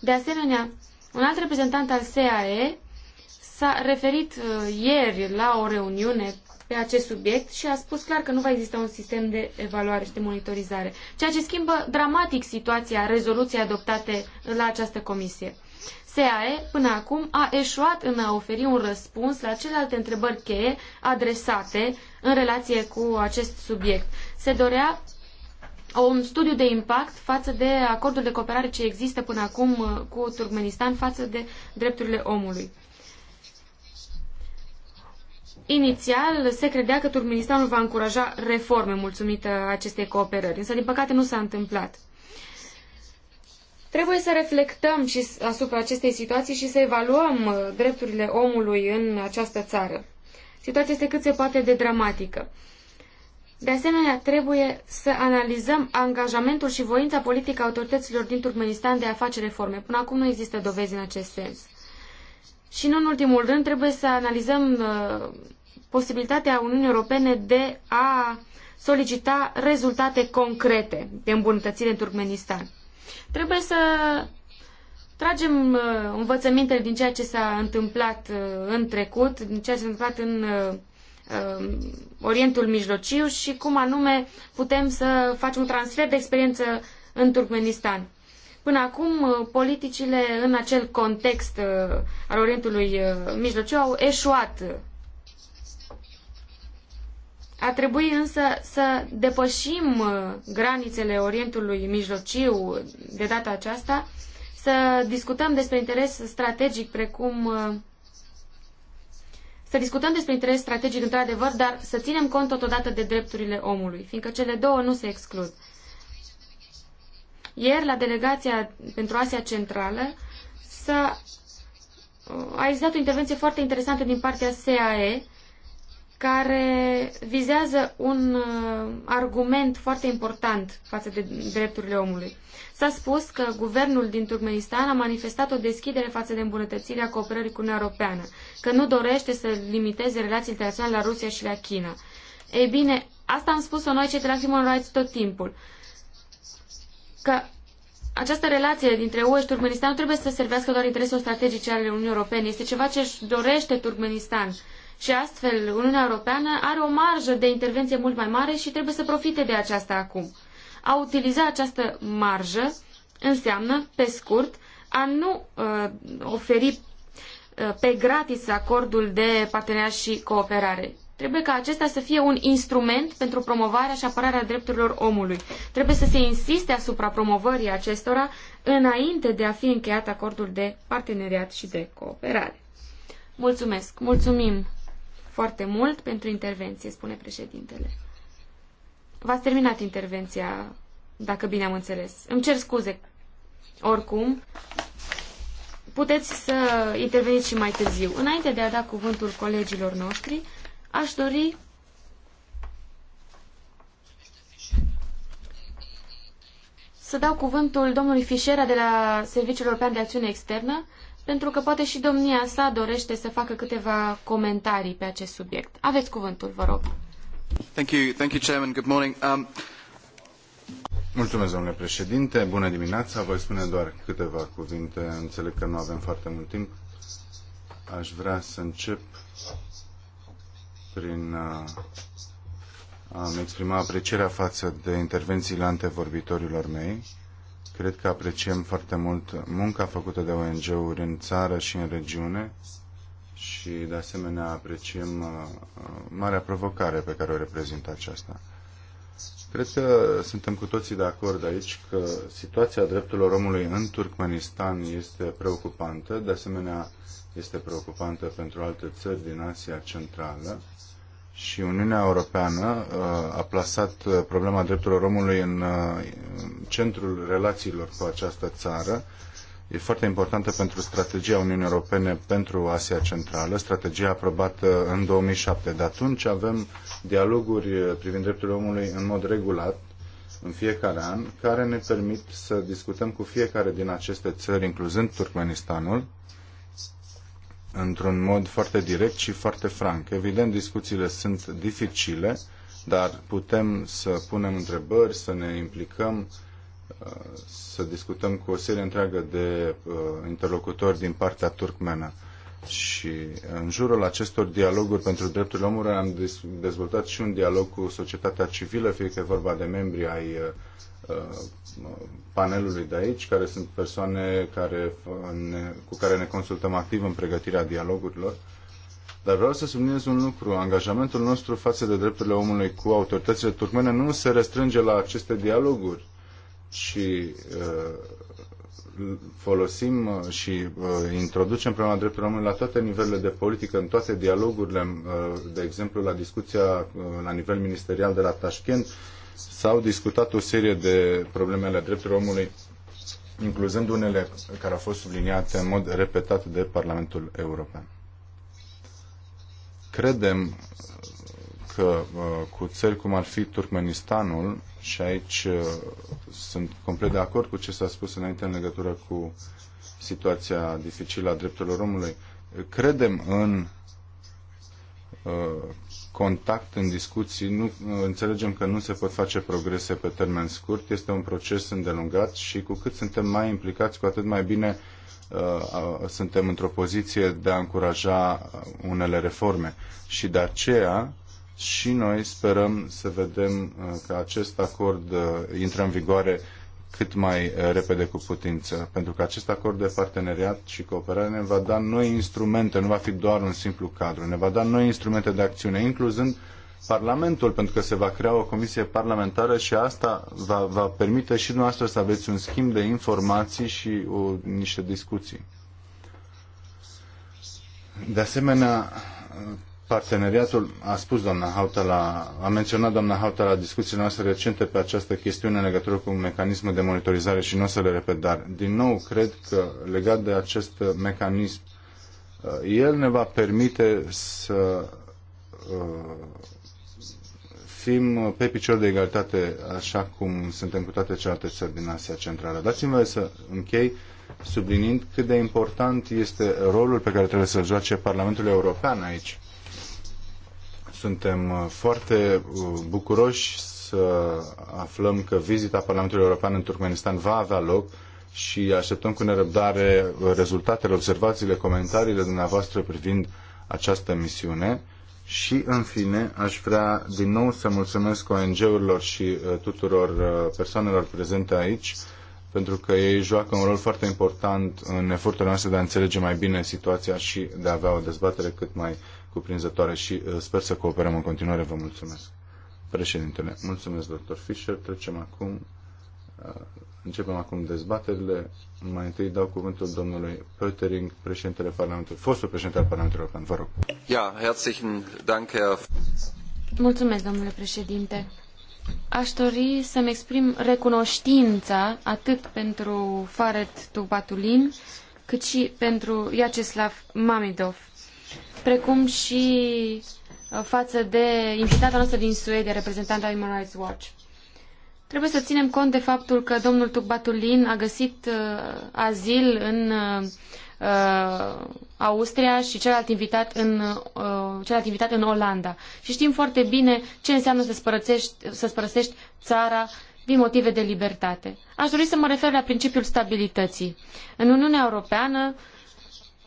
De asemenea, un alt reprezentant al SEAE s-a referit uh, ieri la o reuniune pe acest subiect și a spus clar că nu va exista un sistem de evaluare și de monitorizare, ceea ce schimbă dramatic situația rezoluției adoptate la această comisie. SAE până acum a eșuat în a oferi un răspuns la celelalte întrebări cheie adresate în relație cu acest subiect. Se dorea un studiu de impact față de acordul de cooperare ce există până acum uh, cu Turkmenistan față de drepturile omului. Inițial se credea că Turkmenistanul va încuraja reforme mulțumită acestei cooperări, însă din păcate nu s-a întâmplat. Trebuie să reflectăm și asupra acestei situații și să evaluăm uh, drepturile omului în această țară. Situația este cât se poate de dramatică. De asemenea, trebuie să analizăm angajamentul și voința politică a autorităților din Turkmenistan de a face reforme. Până acum nu există dovezi în acest sens. Și nu în ultimul rând, trebuie să analizăm uh, posibilitatea Uniunii Europene de a solicita rezultate concrete de îmbunătățire în Turkmenistan. Trebuie să tragem uh, învățămintele din ceea ce s-a întâmplat uh, în trecut, din ceea ce s-a întâmplat în uh, um, Orientul Mijlociu și cum anume putem să facem un transfer de experiență în Turkmenistan. Până acum, politicile în acel context al Orientului Mijlociu au eșuat ar trebui însă să depășim uh, granițele Orientului Mijlociu de data aceasta, să discutăm despre interes strategic precum uh, să discutăm despre interes strategic într-adevăr, dar să ținem cont totodată de drepturile omului, fiindcă cele două nu se exclud. Ieri, la delegația pentru Asia Centrală, s-a uh, a existat o intervenție foarte interesantă din partea SAE, care vizează un uh, argument foarte important față de drepturile omului. S-a spus că guvernul din Turkmenistan a manifestat o deschidere față de îmbunătățirea cooperării cu Uniunea Europeană, că nu dorește să limiteze relații internaționale la Rusia și la China. Ei bine, asta am spus-o noi cei de la Human Rights tot timpul, că această relație dintre UE și Turkmenistan nu trebuie să servească doar interesul strategice ale Uniunii Europene, este ceva ce își dorește Turkmenistan și astfel Uniunea Europeană are o marjă de intervenție mult mai mare și trebuie să profite de aceasta acum. A utiliza această marjă înseamnă, pe scurt, a nu uh, oferi uh, pe gratis acordul de parteneriat și cooperare. Trebuie ca acesta să fie un instrument pentru promovarea și apărarea drepturilor omului. Trebuie să se insiste asupra promovării acestora înainte de a fi încheiat acordul de parteneriat și de cooperare. Mulțumesc! Mulțumim! foarte mult pentru intervenție, spune președintele. V-ați terminat intervenția, dacă bine am înțeles. Îmi cer scuze. Oricum, puteți să interveniți și mai târziu. Înainte de a da cuvântul colegilor noștri, aș dori să dau cuvântul domnului Fișera de la Serviciul European de Acțiune Externă, pentru că poate și domnia sa dorește să facă câteva comentarii pe acest subiect. Aveți cuvântul, vă rog. Thank you, thank you, Chairman. Good morning. Um... Mulțumesc, domnule președinte. Bună dimineața. Voi spune doar câteva cuvinte. Înțeleg că nu avem foarte mult timp. Aș vrea să încep prin a-mi exprima aprecierea față de intervențiile antevorbitorilor mei Cred că apreciem foarte mult munca făcută de ONG-uri în țară și în regiune și, de asemenea, apreciem uh, uh, marea provocare pe care o reprezintă aceasta. Cred că suntem cu toții de acord aici că situația drepturilor omului în Turkmenistan este preocupantă, de asemenea este preocupantă pentru alte țări din Asia Centrală și Uniunea Europeană uh, a plasat uh, problema drepturilor omului în uh, centrul relațiilor cu această țară. E foarte importantă pentru strategia Uniunii Europene pentru Asia Centrală, strategia aprobată în 2007. De atunci avem dialoguri privind drepturile omului în mod regulat în fiecare an, care ne permit să discutăm cu fiecare din aceste țări, incluzând Turkmenistanul, într-un mod foarte direct și foarte franc. Evident, discuțiile sunt dificile, dar putem să punem întrebări, să ne implicăm, uh, să discutăm cu o serie întreagă de uh, interlocutori din partea turcmenă și în jurul acestor dialoguri pentru drepturile omului am dezvoltat și un dialog cu societatea civilă, fie că e vorba de membri ai uh, uh, panelului de aici, care sunt persoane care, ne, cu care ne consultăm activ în pregătirea dialogurilor. Dar vreau să subliniez un lucru. Angajamentul nostru față de drepturile omului cu autoritățile turcmene nu se restrânge la aceste dialoguri, ci uh, folosim uh, și uh, introducem problema drepturilor omului la toate nivelurile de politică, în toate dialogurile, uh, de exemplu la discuția uh, la nivel ministerial de la Tashkent, s-au discutat o serie de probleme ale drepturilor omului, incluzând unele care au fost subliniate în mod repetat de Parlamentul European. Credem că uh, cu țări cum ar fi Turkmenistanul, și aici uh, sunt complet de acord cu ce s-a spus înainte în legătură cu situația dificilă a drepturilor omului. Credem în uh, contact, în discuții, nu, uh, înțelegem că nu se pot face progrese pe termen scurt, este un proces îndelungat și cu cât suntem mai implicați, cu atât mai bine uh, suntem într-o poziție de a încuraja unele reforme. Și de aceea și noi sperăm să vedem uh, că acest acord uh, intră în vigoare cât mai uh, repede cu putință, pentru că acest acord de parteneriat și cooperare ne va da noi instrumente, nu va fi doar un simplu cadru, ne va da noi instrumente de acțiune, incluzând Parlamentul, pentru că se va crea o comisie parlamentară și asta va, va permite și dumneavoastră să aveți un schimb de informații și o, niște discuții. De asemenea, parteneriatul, a spus doamna Hautala, a menționat doamna Hautala discuțiile noastre recente pe această chestiune în legătură cu mecanismul de monitorizare și nu o să le repet, dar din nou cred că legat de acest mecanism, uh, el ne va permite să uh, fim pe picior de egalitate așa cum suntem cu toate celelalte țări din Asia Centrală. Dați-mi voie să închei sublinind cât de important este rolul pe care trebuie să-l joace Parlamentul European aici suntem uh, foarte uh, bucuroși să aflăm că vizita Parlamentului European în Turkmenistan va avea loc și așteptăm cu nerăbdare uh, rezultatele, observațiile, comentariile dumneavoastră privind această misiune. Și, în fine, aș vrea din nou să mulțumesc ONG-urilor și tuturor persoanelor prezente aici, pentru că ei joacă un rol foarte important în efortul noastră de a înțelege mai bine situația și de a avea o dezbatere cât mai cuprinzătoare și uh, sper să cooperăm în continuare. Vă mulțumesc. Președintele, mulțumesc, dr. Fischer. Trecem acum, uh, începem acum dezbaterile. Mai întâi dau cuvântul domnului Pöttering, președintele Parlamentului, fostul președinte al Parlamentului European. Vă rog. Ja, herzlichen Dank, Herr... Mulțumesc, domnule președinte. Aș dori să-mi exprim recunoștința atât pentru Faret Tubatulin, cât și pentru Iaceslav Mamidov precum și uh, față de invitata noastră din Suedia, reprezentanta Human Rights Watch. Trebuie să ținem cont de faptul că domnul Tugbatulin a găsit uh, azil în uh, Austria și celălalt invitat, în, celălalt invitat în Olanda. Și știm foarte bine ce înseamnă să spărăsești, părăsești, să țara din motive de libertate. Aș dori să mă refer la principiul stabilității. În Uniunea Europeană,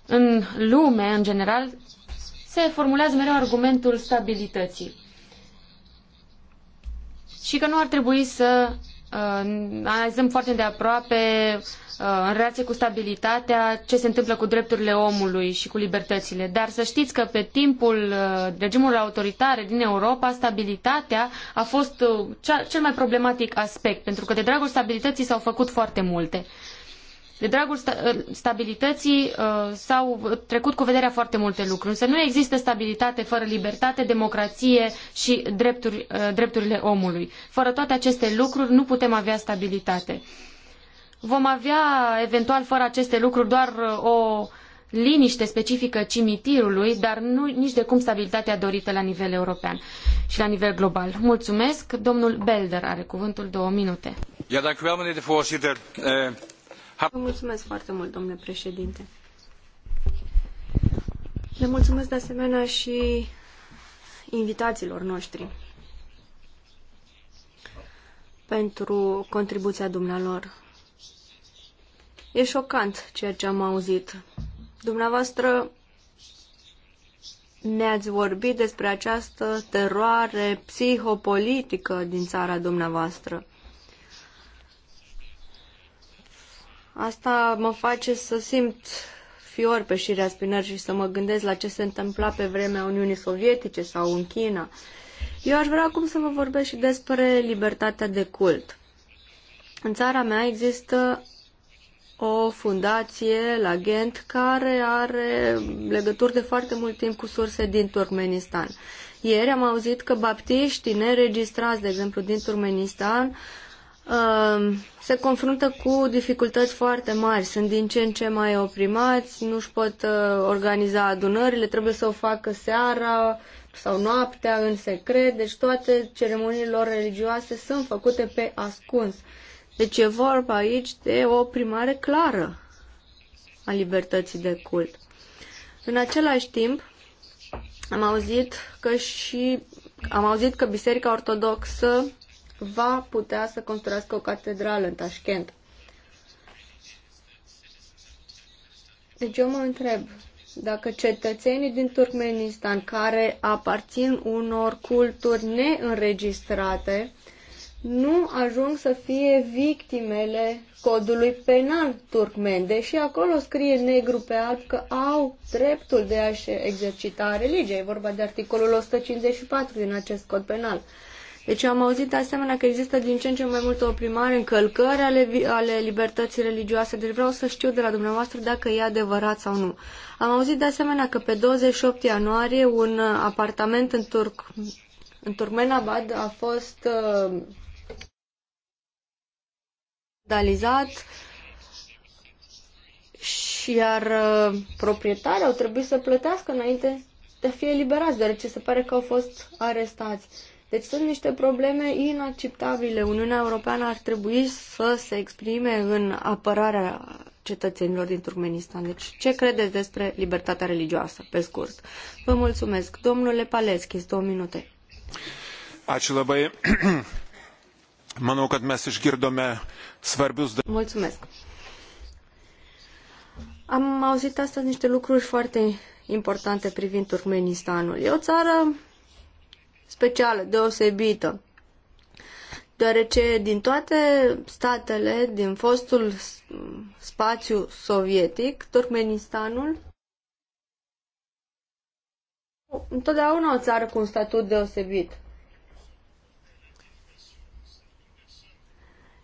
în lume, în general, se formulează mereu argumentul stabilității. Și că nu ar trebui să uh, analizăm foarte de aproape uh, în relație cu stabilitatea ce se întâmplă cu drepturile omului și cu libertățile. Dar să știți că pe timpul uh, regimurilor autoritare din Europa, stabilitatea a fost cel mai problematic aspect, pentru că de dragul stabilității s-au făcut foarte multe de dragul sta ă, stabilității ă, s-au trecut cu vederea foarte multe lucruri. Însă nu există stabilitate fără libertate, democrație și drepturi, ă, drepturile omului. Fără toate aceste lucruri nu putem avea stabilitate. Vom avea eventual fără aceste lucruri doar o liniște specifică cimitirului, dar nu nici de cum stabilitatea dorită la nivel european și la nivel global. Mulțumesc. Domnul Belder are cuvântul două minute. Ja, dank u wel, meneer de voorzitter. Uh... Vă mulțumesc foarte mult, domnule președinte. Le mulțumesc de asemenea și invitațiilor noștri pentru contribuția dumnealor. E șocant ceea ce am auzit. Dumneavoastră ne-ați vorbit despre această teroare psihopolitică din țara dumneavoastră. Asta mă face să simt fior pe șirea spinării și să mă gândesc la ce se întâmpla pe vremea Uniunii Sovietice sau în China. Eu aș vrea acum să vă vorbesc și despre libertatea de cult. În țara mea există o fundație la Ghent care are legături de foarte mult timp cu surse din Turkmenistan. Ieri am auzit că baptiștii neregistrați, de exemplu, din Turkmenistan, se confruntă cu dificultăți foarte mari, sunt din ce în ce mai oprimați, nu își pot uh, organiza adunările, trebuie să o facă seara sau noaptea în secret, deci toate ceremoniile lor religioase sunt făcute pe ascuns. Deci e vorba aici de o primare clară a libertății de cult. În același timp, am auzit că și am auzit că Biserica Ortodoxă va putea să construiască o catedrală în Tashkent. Deci eu mă întreb dacă cetățenii din Turkmenistan care aparțin unor culturi neînregistrate nu ajung să fie victimele codului penal turcmen, deși acolo scrie negru pe alb că au dreptul de a-și exercita religia. E vorba de articolul 154 din acest cod penal. Deci am auzit de asemenea că există din ce în ce mai multe oprimare, încălcări ale, ale libertății religioase, deci vreau să știu de la dumneavoastră dacă e adevărat sau nu. Am auzit de asemenea că pe 28 ianuarie un uh, apartament în, Turc, în Turkmenabad a fost uh, și iar uh, proprietarii au trebuit să plătească înainte de a fi eliberați, deoarece se pare că au fost arestați. Deci sunt niște probleme inacceptabile. Uniunea Europeană ar trebui să se exprime în apărarea cetățenilor din Turkmenistan. Deci ce credeți despre libertatea religioasă, pe scurt? Vă mulțumesc. Domnule Paleschis, două minute. Ačiū labai. Manau, kad mes išgirdome svarbius da- Mulțumesc. Am auzit astăzi niște lucruri foarte importante privind Turkmenistanul. E o țară specială, deosebită, deoarece din toate statele din fostul spațiu sovietic, Turkmenistanul întotdeauna o țară cu un statut deosebit.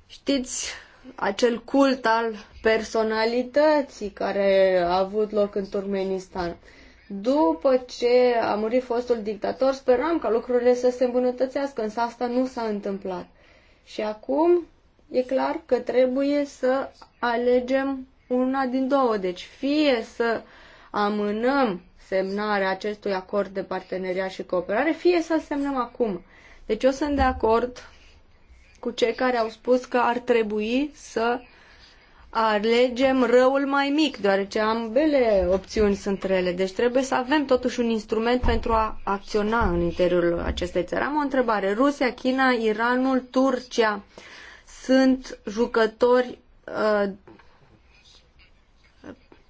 Știți, acel cult al personalității care a avut loc în Turkmenistan. După ce a murit fostul dictator, speram ca lucrurile să se îmbunătățească, însă asta nu s-a întâmplat. Și acum e clar că trebuie să alegem una din două. Deci fie să amânăm semnarea acestui acord de parteneriat și cooperare, fie să semnăm acum. Deci eu sunt de acord cu cei care au spus că ar trebui să alegem răul mai mic, deoarece ambele opțiuni sunt rele. Deci trebuie să avem totuși un instrument pentru a acționa în interiorul acestei țări. Am o întrebare. Rusia, China, Iranul, Turcia sunt jucători uh,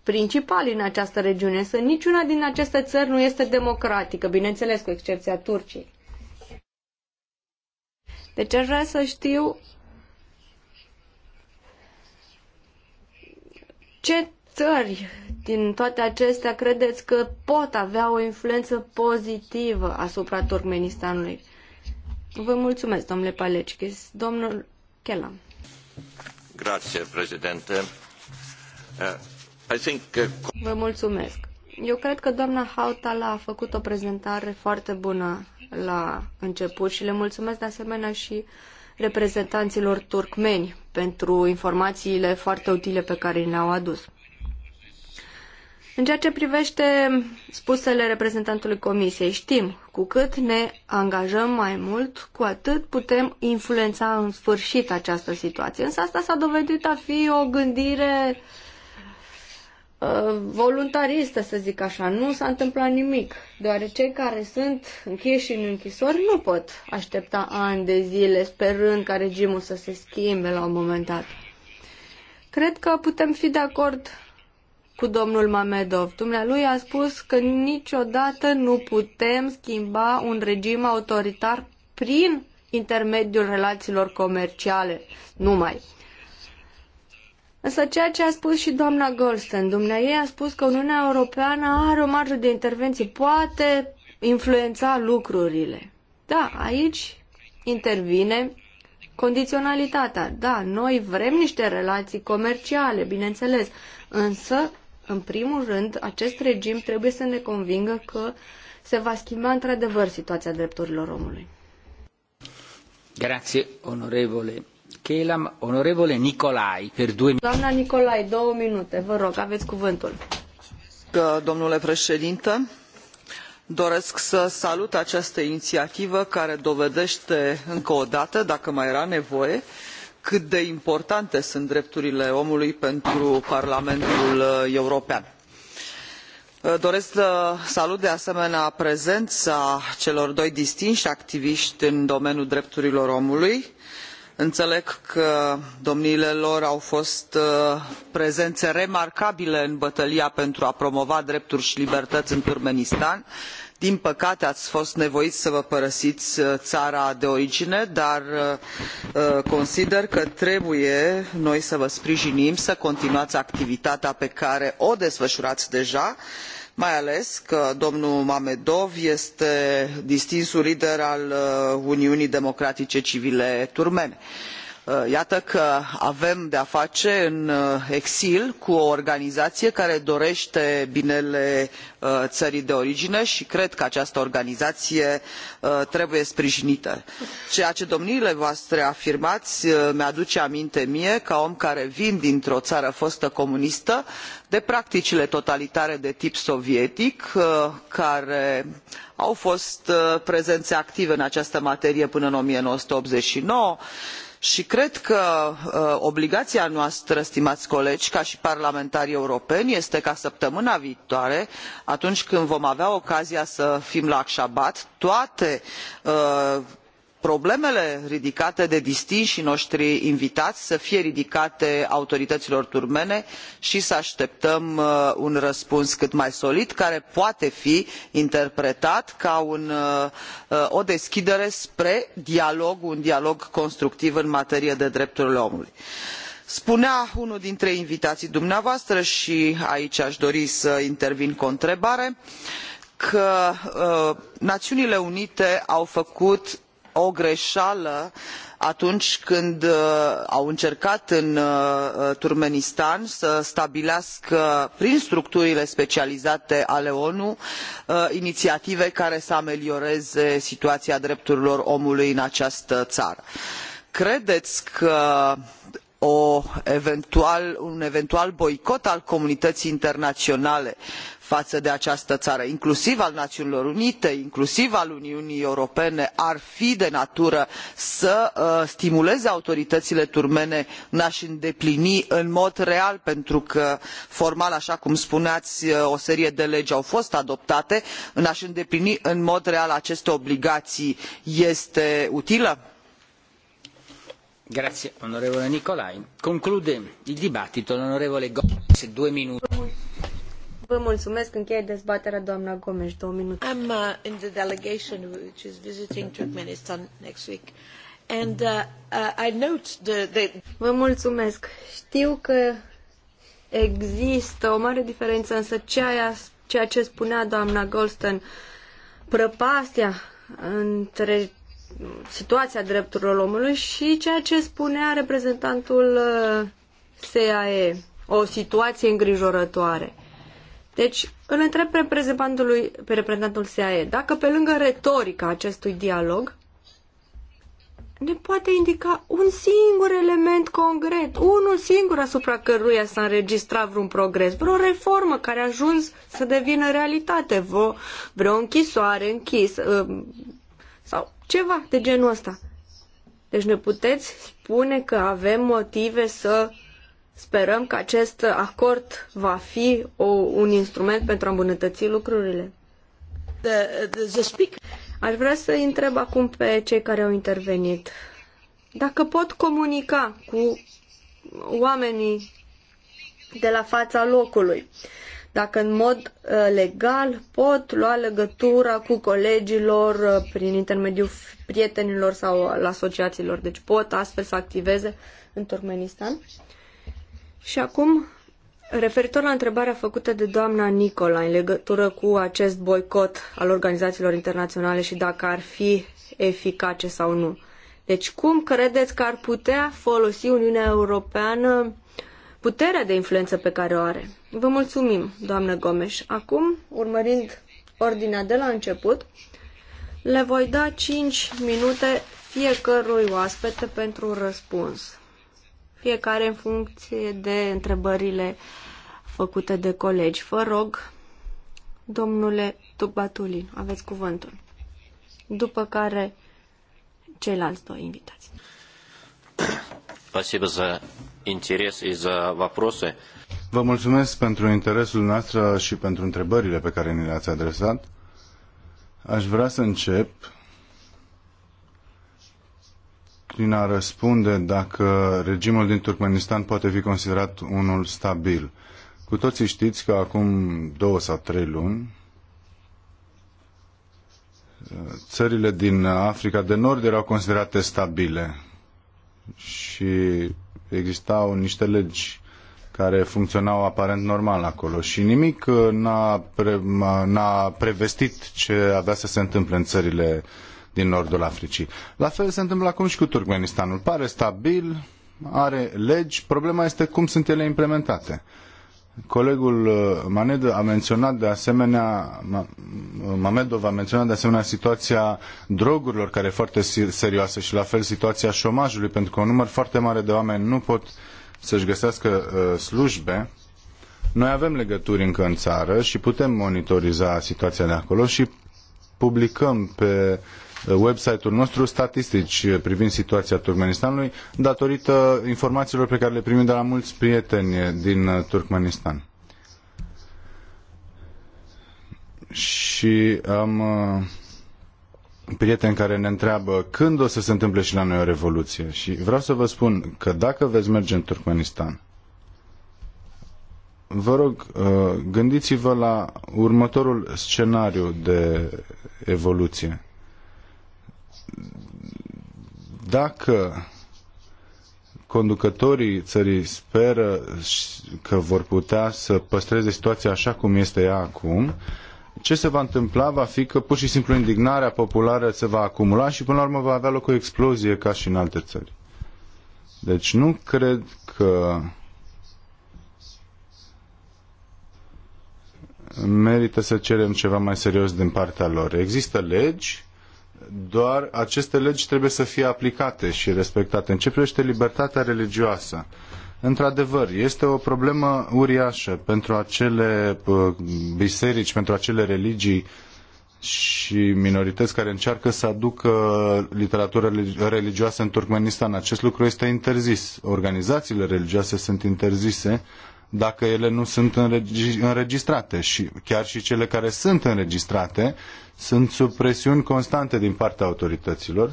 principali în această regiune, însă niciuna din aceste țări nu este democratică, bineînțeles cu excepția Turciei. Deci aș vrea să știu Ce țări din toate acestea credeți că pot avea o influență pozitivă asupra Turkmenistanului? Vă mulțumesc, domnule Palecchis. Domnul Chelam. Grație, președinte. Uh, Vă mulțumesc. Eu cred că doamna Hautala a făcut o prezentare foarte bună la început și le mulțumesc de asemenea și reprezentanților turcmeni pentru informațiile foarte utile pe care le-au adus. În ceea ce privește spusele reprezentantului Comisiei, știm, cu cât ne angajăm mai mult, cu atât putem influența în sfârșit această situație. Însă asta s-a dovedit a fi o gândire uh, Uh, voluntaristă, să zic așa. Nu s-a întâmplat nimic, deoarece cei care sunt închiși în închisori nu pot aștepta ani de zile sperând ca regimul să se schimbe la un moment dat. Cred că putem fi de acord cu domnul Mamedov. Dumnealui a spus că niciodată nu putem schimba un regim autoritar prin intermediul relațiilor comerciale numai. Însă ceea ce a spus și doamna Goldstein, ei a spus că Uniunea Europeană are o marjă de intervenție, poate influența lucrurile. Da, aici intervine condiționalitatea. Da, noi vrem niște relații comerciale, bineînțeles, însă, în primul rând, acest regim trebuie să ne convingă că se va schimba într-adevăr situația drepturilor omului. Grazie, onorevole Chelam, onorevole Nicolai, per due minute. Doamna Nicolai, două minute, vă rog, aveți cuvântul. Domnule președinte, doresc să salut această inițiativă care dovedește încă o dată, dacă mai era nevoie, cât de importante sunt drepturile omului pentru Parlamentul uh, European uh, doresc să salut de asemenea prezena celor doi distini activiti în domeniul drepturilor omului înțeleg că domniile lor au fost uh, prezențe remarcabile în bătălia pentru a promova drepturi și libertăți în turkmenistan din păcate ați fost nevoii să vă părăsii uh, țara de origine dar uh, consider că trebuie noi să vă sprijinim să continuai activitatea pe care o desfăurai deja i mai ales că domnul mammadov este distinsul lider al uh, uniunii democratice civile turkmene. Uh, iată că avem de a face în uh, exil cu o organizație care dorește binele uh, țării de origine și cred că această organizație trebuie sprijinită. ceea ce domniile voastre afirmați îmi aduce aminte mie ca om care vin dintr o țară fostă comunistă de practicile totalitare de tip sovietic care au fost prezene active în această materie până în o mie nouă sute optzeci și nouă i și cred că uh, obligația noastră stimai colegi ca și parlamentari europeni este ca săptămâna viitoare atunci când vom avea ocazia să fim la ashgabat toate uh, problemele ridicate de distinșii noștri invitați să fie ridicate autorităților turmene și să așteptăm uh, un răspuns cât mai solid care poate fi interpretat ca uh, uh, o deschidere spre dialog un dialog constructiv în materie de drepturile omului spunea unul dintre invitații dumneavoastră și aici aș dori să intervin cu o întrebare că uh, națiunile unite au făcut o greeală atunci când uh, au încercat în uh, uh, turkmenistan să stabilească prin structurile specializate ale onu inițiative care să amelioreze situația drepturilor omului în această țară. credei că o, eventual, un eventual boicot al comunității internaționale faă de această ară inclusiv al naiunilor unite inclusiv al uniunii europene ar fi de natură să uh, stimuleze autorităile turmene în a i îndeplini în mod real pentru că formal aa cum spuneai uh, o serie de legi au fost adoptate în a i îndeplini în mod real aceste obligaii este utilă? Vă mulțumesc, încheie dezbaterea doamna Gomes, două minute. I'm uh, in the delegation which is visiting Turkmenistan next week. And uh, uh, I note the, the... Vă mulțumesc. Știu că există o mare diferență, însă ceea, ceea ce spunea doamna Goldstein, prăpastia între situația drepturilor omului și ceea ce spunea reprezentantul uh, C.A.E. o situație îngrijorătoare. Deci, îl întreb pe reprezentantul, pe reprezentantul SAE dacă pe lângă retorica acestui dialog ne poate indica un singur element concret, unul singur asupra căruia s-a înregistrat vreun progres, vreo reformă care a ajuns să devină realitate, vreo, vreo închisoare închis um, sau ceva de genul ăsta. Deci ne puteți spune că avem motive să Sperăm că acest acord va fi o, un instrument pentru a îmbunătăți lucrurile. The, the, the speaker... Aș vrea să întreb acum pe cei care au intervenit. Dacă pot comunica cu oamenii de la fața locului, dacă în mod uh, legal pot lua legătura cu colegilor uh, prin intermediul prietenilor sau al asociațiilor, deci pot astfel să activeze în Turkmenistan? Și acum, referitor la întrebarea făcută de doamna Nicola în legătură cu acest boicot al organizațiilor internaționale și dacă ar fi eficace sau nu. Deci cum credeți că ar putea folosi Uniunea Europeană puterea de influență pe care o are? Vă mulțumim, doamnă Gomes. Acum, urmărind ordinea de la început, le voi da 5 minute fiecărui oaspete pentru răspuns fiecare în funcție de întrebările făcute de colegi. Vă rog, domnule Tubatulin, aveți cuvântul. După care ceilalți doi invitați. Vă mulțumesc pentru interesul noastră și pentru întrebările pe care ni le-ați adresat. Aș vrea să încep prin a răspunde dacă regimul din Turkmenistan poate fi considerat unul stabil. Cu toții știți că acum două sau trei luni, țările din Africa de Nord erau considerate stabile și existau niște legi care funcționau aparent normal acolo și nimic uh, n-a, pre, prevestit ce avea să se întâmple în țările uh, din nordul Africii. La fel se întâmplă acum și cu Turkmenistanul. Pare stabil, are legi, problema este cum sunt ele implementate. Colegul uh, Maned a menționat de asemenea, Mamedov a menționat de asemenea situația drogurilor, care e foarte serioasă, și la fel situația șomajului, pentru că un număr foarte mare de oameni nu pot să-și găsească uh, slujbe. Noi avem legături încă în țară și putem monitoriza situația de acolo și publicăm pe uh, Uh, website-ul nostru statistici uh, privind situația Turkmenistanului datorită informațiilor pe care le primim de la mulți prieteni uh, din Turkmenistan. Și am prieteni care ne întreabă când o să se întâmple și la noi o revoluție. Și vreau să vă spun că dacă veți merge în Turkmenistan, vă rog, gândiți-vă la următorul scenariu de evoluție dacă conducătorii țării speră că vor putea să păstreze situația așa cum este ea acum, ce se va întâmpla va fi că pur și simplu indignarea populară se va acumula și până la urmă va avea loc o explozie ca și în alte țări. Deci nu cred că merită să cerem ceva mai serios din partea lor. Există legi doar aceste legi trebuie să fie aplicate și respectate. În ce privește libertatea religioasă, într-adevăr, este o problemă uriașă pentru acele uh, biserici, pentru acele religii și minorități care încearcă să aducă literatură religioasă în Turkmenistan. Acest lucru este interzis. Organizațiile religioase sunt interzise dacă ele nu sunt înregistrate și chiar și cele care sunt înregistrate sunt sub presiuni constante din partea autorităților,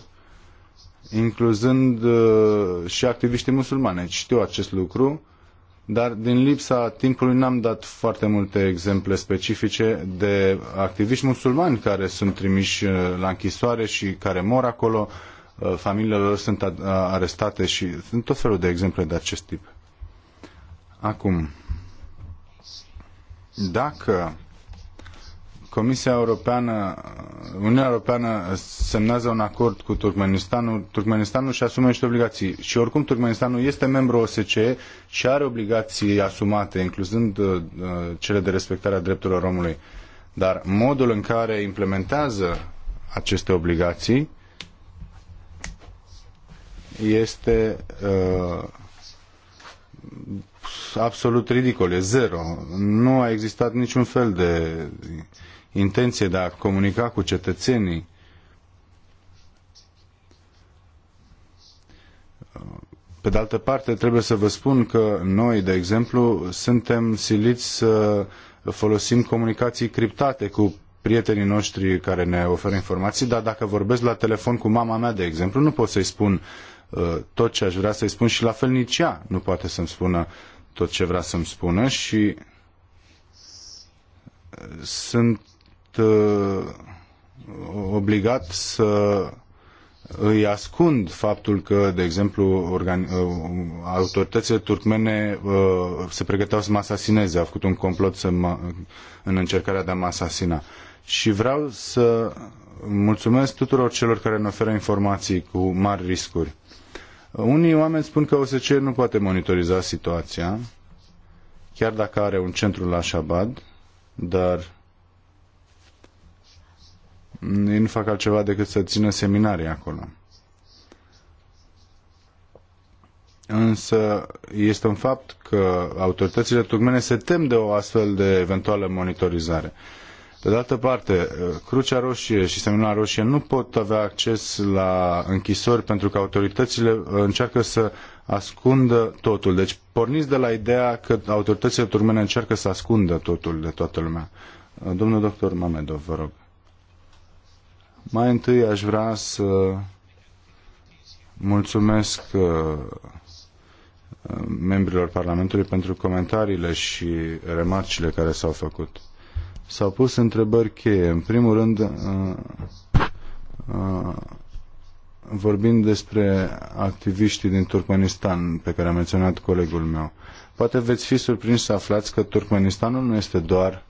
incluzând uh, și activiștii musulmane. Deci știu acest lucru, dar din lipsa timpului n-am dat foarte multe exemple specifice de activiști musulmani care sunt trimiși uh, la închisoare și care mor acolo, uh, familiile lor sunt arestate și sunt tot felul de exemple de acest tip. Acum, dacă Comisia Europeană, Uniunea Europeană semnează un acord cu Turkmenistanul, Turkmenistanul și asume niște obligații. Și oricum Turkmenistanul este membru OSCE și are obligații asumate, incluzând uh, uh, cele de respectare a drepturilor omului. Dar modul în care implementează aceste obligații este uh, absolut ridicole, zero. Nu a existat niciun fel de intenție de a comunica cu cetățenii. Pe de altă parte, trebuie să vă spun că noi, de exemplu, suntem siliți să folosim comunicații criptate cu prietenii noștri care ne oferă informații, dar dacă vorbesc la telefon cu mama mea, de exemplu, nu pot să-i spun uh, tot ce aș vrea să-i spun și la fel nici ea nu poate să-mi spună tot ce vrea să-mi spună și uh, sunt uh, obligat să îi ascund faptul că, de exemplu, uh, autoritățile turcmene se pregăteau să mă asasineze, au făcut un complot să mă, în încercarea de a mă asasina. Și vreau să mulțumesc tuturor celor care ne oferă informații cu mari riscuri. Unii oameni spun că OSCE nu poate monitoriza situația, chiar dacă are un centru la Shabad, dar ei nu fac altceva decât să țină seminarii acolo. Însă este un fapt că autoritățile turmene se tem de o astfel de eventuală monitorizare. Pe de altă parte, Crucea Roșie și Semina Roșie nu pot avea acces la închisori pentru că autoritățile încearcă să ascundă totul. Deci porniți de la ideea că autoritățile turmene încearcă să ascundă totul de toată lumea. Domnul doctor Mamedov, vă rog. Mai întâi aș vrea să mulțumesc uh, membrilor Parlamentului pentru comentariile și remarcile care s-au făcut s-au pus întrebări cheie. În primul rând, uh, uh, despre activiștii din Turkmenistan, pe care a menționat colegul meu. Poate veți fi surprins să aflați că Turkmenistanul nu este doar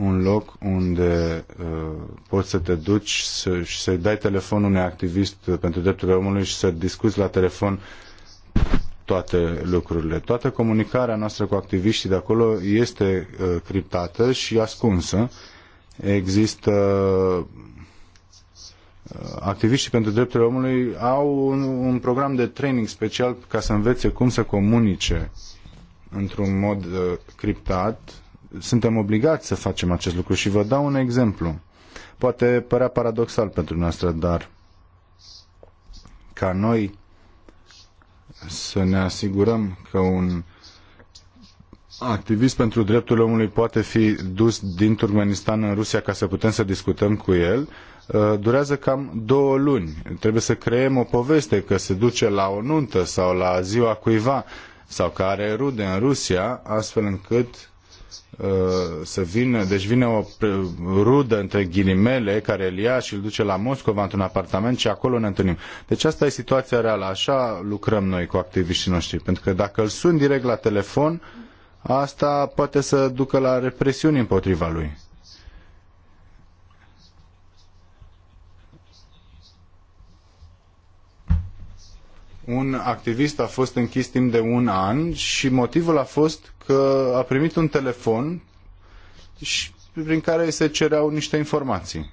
un loc unde uh, poți să te duci să, și să-i dai telefonul unui activist pentru drepturile omului și să discuți la telefon toate lucrurile. Toată comunicarea noastră cu activiștii de acolo este uh, criptată și ascunsă. Există uh, activiștii pentru drepturile omului au un, un program de training special ca să învețe cum să comunice într-un mod uh, criptat. Suntem obligați să facem acest lucru și vă dau un exemplu. Poate părea paradoxal pentru noastră, dar ca noi să ne asigurăm că un activist pentru drepturile omului poate fi dus din Turkmenistan în Rusia ca să putem să discutăm cu el, uh, durează cam două luni. Trebuie să creăm o poveste că se duce la o nuntă sau la ziua cuiva sau că are rude în Rusia, astfel încât Uh, să vină, deci vine o rudă între ghilimele care îl ia și îl duce la Moscova într-un apartament și acolo ne întâlnim. Deci asta e situația reală, așa lucrăm noi cu activiștii noștri, pentru că dacă îl sun direct la telefon, asta poate să ducă la represiuni împotriva lui. un activist a fost închis timp de un an și motivul a fost că a primit un telefon și prin care se cereau niște informații.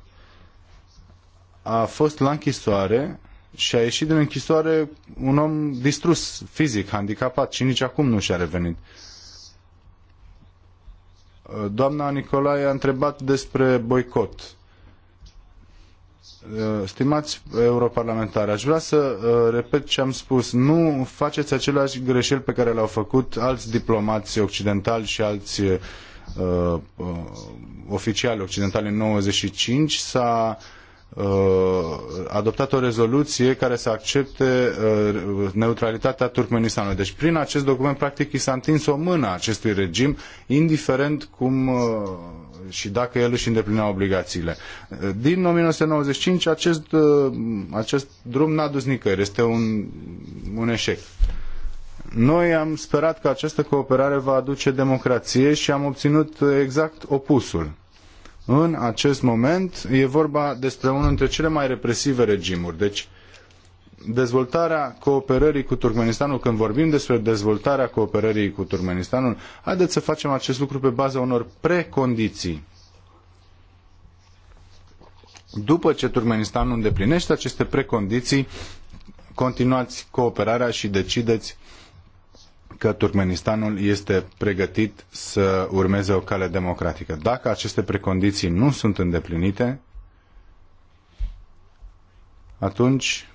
A fost la închisoare și a ieșit din închisoare un om distrus fizic, handicapat și nici acum nu și-a revenit. Doamna Nicolae a întrebat despre boicot Uh, stimați europarlamentari, aș vrea să uh, repet ce am spus. Nu faceți aceleași greșeli pe care le-au făcut alți diplomați occidentali și alți uh, uh, oficiali occidentali în 95. S-a uh, adoptat o rezoluție care să accepte uh, neutralitatea Turkmenistanului. Deci prin acest document, practic, i s-a întins o mână acestui regim, indiferent cum... Uh, și dacă el își îndeplinea obligațiile. Din 1995 acest, uh, acest drum n-a dus nicăieri, este un, un eșec. Noi am sperat că această cooperare va aduce democrație și am obținut exact opusul. În acest moment e vorba despre unul dintre cele mai represive regimuri. Deci dezvoltarea cooperării cu Turkmenistanul, când vorbim despre dezvoltarea cooperării cu Turkmenistanul, haideți să facem acest lucru pe baza unor precondiții. După ce Turkmenistanul îndeplinește aceste precondiții, continuați cooperarea și decideți că Turkmenistanul este pregătit să urmeze o cale democratică. Dacă aceste precondiții nu sunt îndeplinite, atunci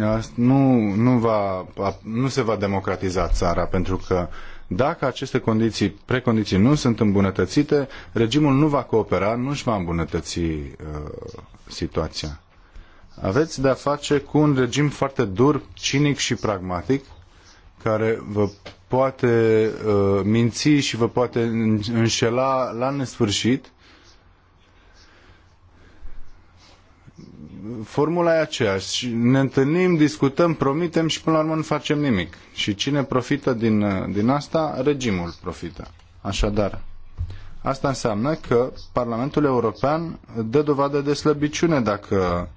Ă, nu, nu, va, nu se va democratiza țara, pentru că dacă aceste condiții, precondiții nu sunt îmbunătățite, regimul nu va coopera, nu își va îmbunătăți uh, situația. Aveți de-a face cu un regim foarte dur, cinic și pragmatic, care vă poate uh, minți și vă poate înșela la nesfârșit formula e aceeași. Ne întâlnim, discutăm, promitem și până la urmă nu facem nimic. Și cine profită din, din asta? Regimul profită. Așadar, asta înseamnă că Parlamentul European dă dovadă de slăbiciune dacă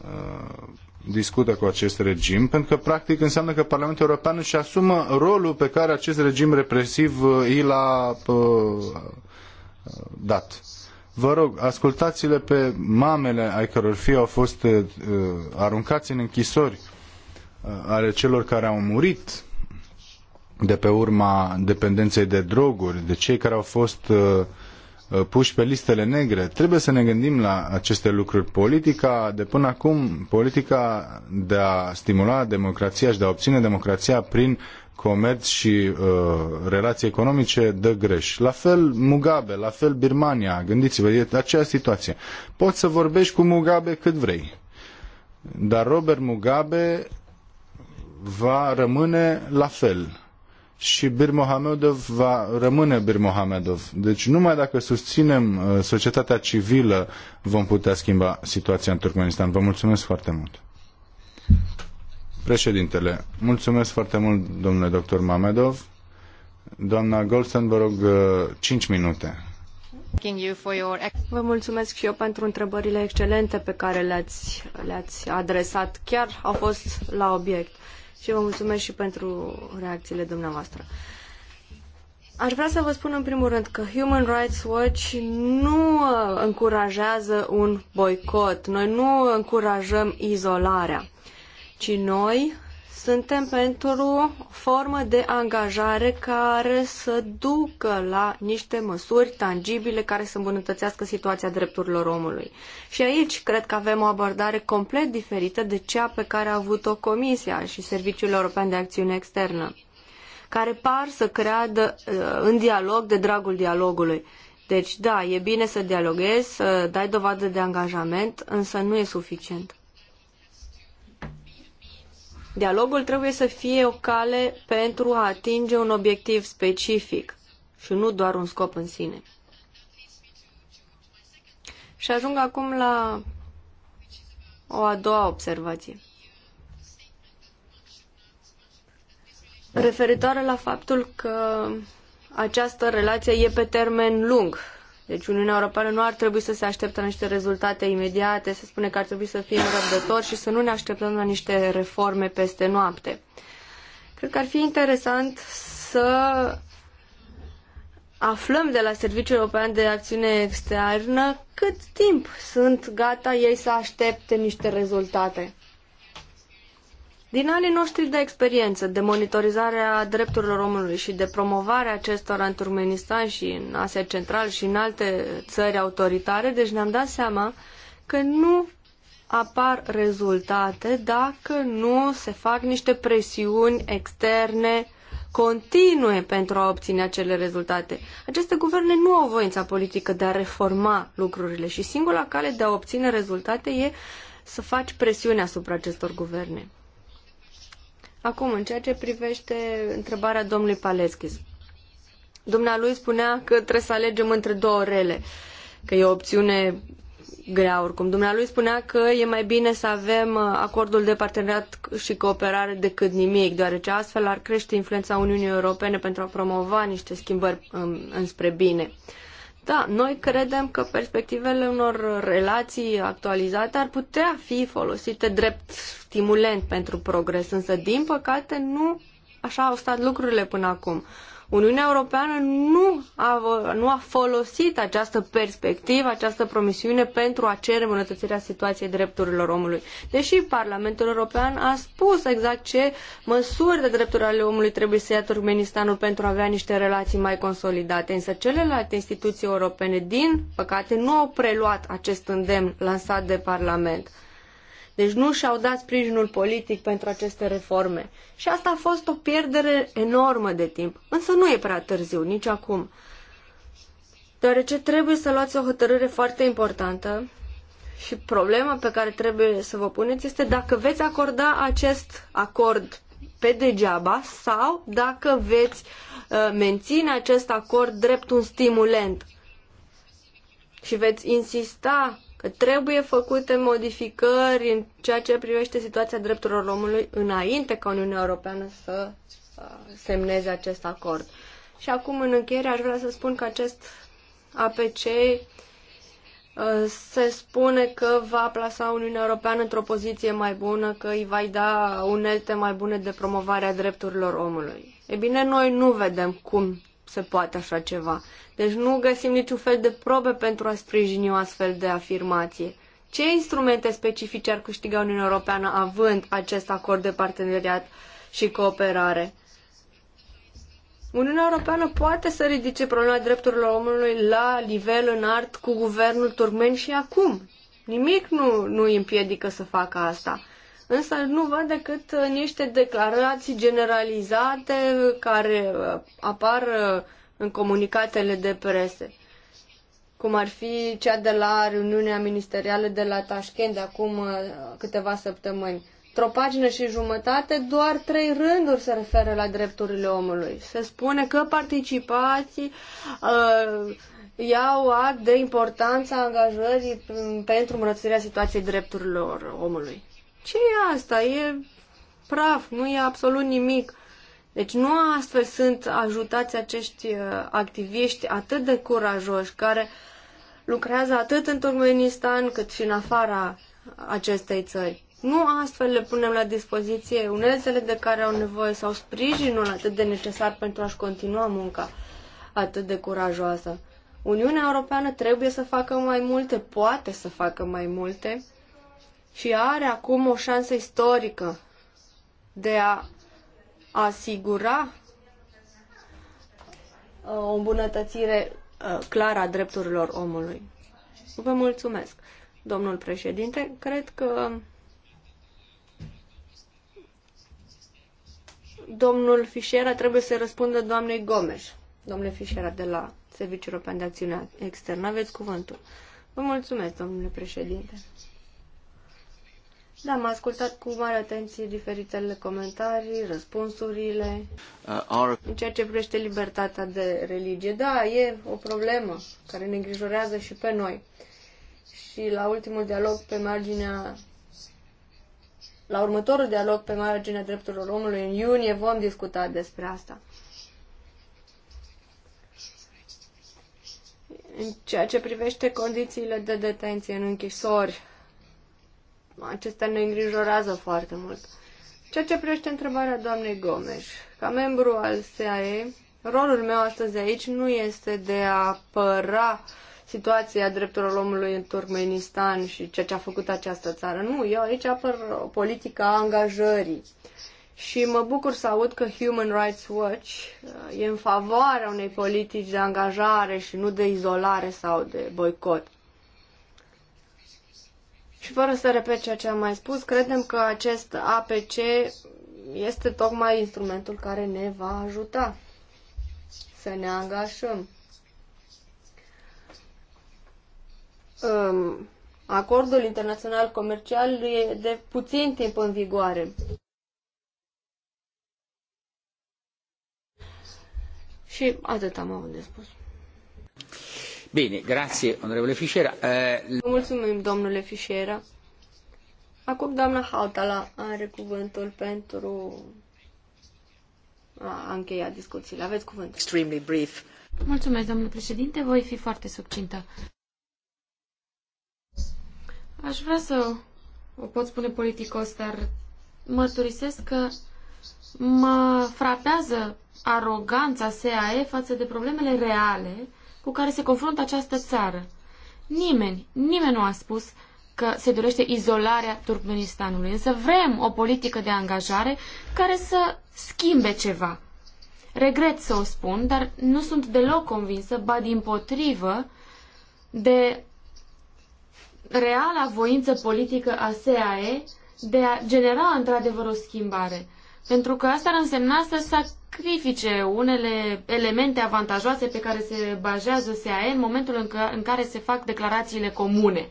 uh, discută cu acest regim, pentru că practic înseamnă că Parlamentul European își asumă rolul pe care acest regim represiv uh, i l-a uh, dat. Vă rog, ascultați-le pe mamele ai căror fii au fost uh, aruncați în închisori uh, ale celor care au murit de pe urma dependenței de droguri, de cei care au fost uh, puși pe listele negre. Trebuie să ne gândim la aceste lucruri. Politica de până acum, politica de a stimula democrația și de a obține democrația prin comerț și uh, relații economice dă greș. La fel Mugabe, la fel Birmania, gândiți-vă, e aceea situație. Poți să vorbești cu Mugabe cât vrei, dar Robert Mugabe va rămâne la fel și Bir Mohamedov va rămâne Bir Mohamedov. Deci numai dacă susținem uh, societatea civilă vom putea schimba situația în Turkmenistan. Vă mulțumesc foarte mult! Președintele, mulțumesc foarte mult, domnule doctor Mamedov. Doamna Goldstein, vă rog 5 uh, minute. Vă mulțumesc și eu pentru întrebările excelente pe care le-ați, le-ați adresat. Chiar au fost la obiect. Și vă mulțumesc și pentru reacțiile dumneavoastră. Aș vrea să vă spun în primul rând că Human Rights Watch nu uh, încurajează un boicot. Noi nu încurajăm izolarea ci noi suntem pentru o formă de angajare care să ducă la niște măsuri tangibile care să îmbunătățească situația drepturilor omului. Și aici cred că avem o abordare complet diferită de cea pe care a avut-o Comisia și Serviciul European de Acțiune Externă, care par să creadă uh, în dialog de dragul dialogului. Deci, da, e bine să dialoguezi, să dai dovadă de angajament, însă nu e suficient. Dialogul trebuie să fie o cale pentru a atinge un obiectiv specific și nu doar un scop în sine. Și ajung acum la o a doua observație. Referitoare la faptul că această relație e pe termen lung deci Uniunea Europeană nu ar trebui să se aștepte la niște rezultate imediate, se spune că ar trebui să fie răbdător și să nu ne așteptăm la niște reforme peste noapte. Cred că ar fi interesant să aflăm de la Serviciul European de Acțiune Externă cât timp sunt gata ei să aștepte niște rezultate. Din anii noștri de experiență, de monitorizare a drepturilor omului și de promovare acestora în Turkmenistan și în Asia Central și în alte țări autoritare, deci ne-am dat seama că nu apar rezultate dacă nu se fac niște presiuni externe continue pentru a obține acele rezultate. Aceste guverne nu au voința politică de a reforma lucrurile și singura cale de a obține rezultate e să faci presiune asupra acestor guverne. Acum, în ceea ce privește întrebarea domnului Paleschis, dumnealui spunea că trebuie să alegem între două rele, că e o opțiune grea oricum. Dumnealui spunea că e mai bine să avem acordul de parteneriat și cooperare decât nimic, deoarece astfel ar crește influența Uniunii Europene pentru a promova niște schimbări um, înspre bine. Uh, da, noi credem că perspectivele unor relații actualizate ar putea fi folosite drept stimulent pentru progres, însă, din păcate, nu așa au stat lucrurile până acum. Uh, Uniunea Europeană nu a, nu a folosit această perspectivă, această promisiune pentru a cere îmbunătățirea situației drepturilor omului. Deși Parlamentul European a spus exact ce măsuri de drepturi ale omului trebuie să ia Turkmenistanul pentru a avea niște relații mai consolidate, însă celelalte instituții europene, din păcate, nu au preluat acest îndemn lansat de Parlament. Deci nu și-au dat sprijinul politic pentru aceste reforme. Și asta a fost o pierdere enormă de timp. Însă nu e prea târziu, nici acum. Deoarece trebuie să luați o hotărâre foarte importantă și problema pe care trebuie să vă puneți este dacă veți acorda acest acord pe degeaba sau dacă veți uh, menține acest acord drept un stimulent și veți insista Trebuie făcute modificări în ceea ce privește situația drepturilor omului înainte ca Uniunea Europeană să uh, semneze acest acord. Și acum, în încheiere, aș vrea să spun că acest APC uh, se spune că va plasa Uniunea Europeană într-o poziție mai bună, că îi va da unelte mai bune de promovare a drepturilor omului. E bine, noi nu vedem cum se poate așa ceva. Deci nu găsim niciun fel de probe pentru a sprijini o astfel de afirmație. Ce instrumente specifice ar câștiga Uniunea Europeană având acest acord de parteneriat și cooperare? Uniunea Europeană poate să ridice problema drepturilor omului la nivel înalt cu guvernul turmen și acum. Nimic nu, nu îi împiedică să facă asta însă nu văd decât uh, niște declarații generalizate uh, care uh, apar în comunicatele de prese cum ar fi cea de la reuniunea ministerială de la Tashkent de acum câteva săptămâni. Într-o pagină și jumătate, doar trei rânduri se referă la drepturile omului. Se spune că participații uh, iau act de importanța angajării mm, pentru îmbunătățirea situației drepturilor omului ce e asta? E praf, nu e absolut nimic. Deci nu astfel sunt ajutați acești uh, activiști atât de curajoși, care lucrează atât în Turkmenistan cât și în afara acestei țări. Nu astfel le punem la dispoziție uneltele de care au nevoie sau sprijinul atât de necesar pentru a-și continua munca atât de curajoasă. Uniunea Europeană trebuie să facă mai multe, poate să facă mai multe și are acum o șansă istorică de a asigura uh, o îmbunătățire uh, clară a drepturilor omului. Vă mulțumesc, domnul președinte. Cred că domnul Fișera trebuie să răspundă doamnei Gomes. Domnule Fișera de la Serviciul European de Acțiune Externă, aveți cuvântul. Vă mulțumesc, domnule președinte. Da, am ascultat cu mare atenție diferitele comentarii, răspunsurile. Uh, our... În ceea ce privește libertatea de religie, da, e o problemă care ne îngrijorează și pe noi. Și la ultimul dialog pe marginea la următorul dialog pe marginea drepturilor omului în iunie vom discuta despre asta. În ceea ce privește condițiile de detenție în închisori, acestea ne îngrijorează foarte mult. Ceea ce privește întrebarea doamnei Gomes, ca membru al SAE, rolul meu astăzi aici nu este de a apăra situația drepturilor omului în Turkmenistan și ceea ce a făcut această țară. Nu, eu aici apăr politica angajării. Și mă bucur să aud că Human Rights Watch uh, e în favoarea unei politici de angajare și nu de izolare sau de boicot. Și fără să repet ceea ce am mai spus, credem că acest APC este tocmai instrumentul care ne va ajuta să ne angajăm. acordul internațional comercial e de puțin timp în vigoare. Și atât am avut de spus. Bine, grazie, onorevole Fișera. Uh... Mulțumim, domnule Fișera. Acum doamna Hautala are cuvântul pentru a încheia discuțiile. Aveți cuvântul. Extremely brief. Mulțumesc, domnule președinte. Voi fi foarte succintă. Aș vrea să o pot spune politicos, dar mărturisesc că mă frapează aroganța SAE față de problemele reale cu care se confruntă această țară. Nimeni, nimeni nu a spus că se dorește izolarea Turkmenistanului, însă vrem o politică de angajare care să schimbe ceva. Regret să o spun, dar nu sunt deloc convinsă, ba din potrivă, de reala voință politică a SAE de a genera într-adevăr o schimbare. Pentru că asta ar însemna să sacrifice unele elemente avantajoase pe care se bazează SAE în momentul în, că, în care se fac declarațiile comune.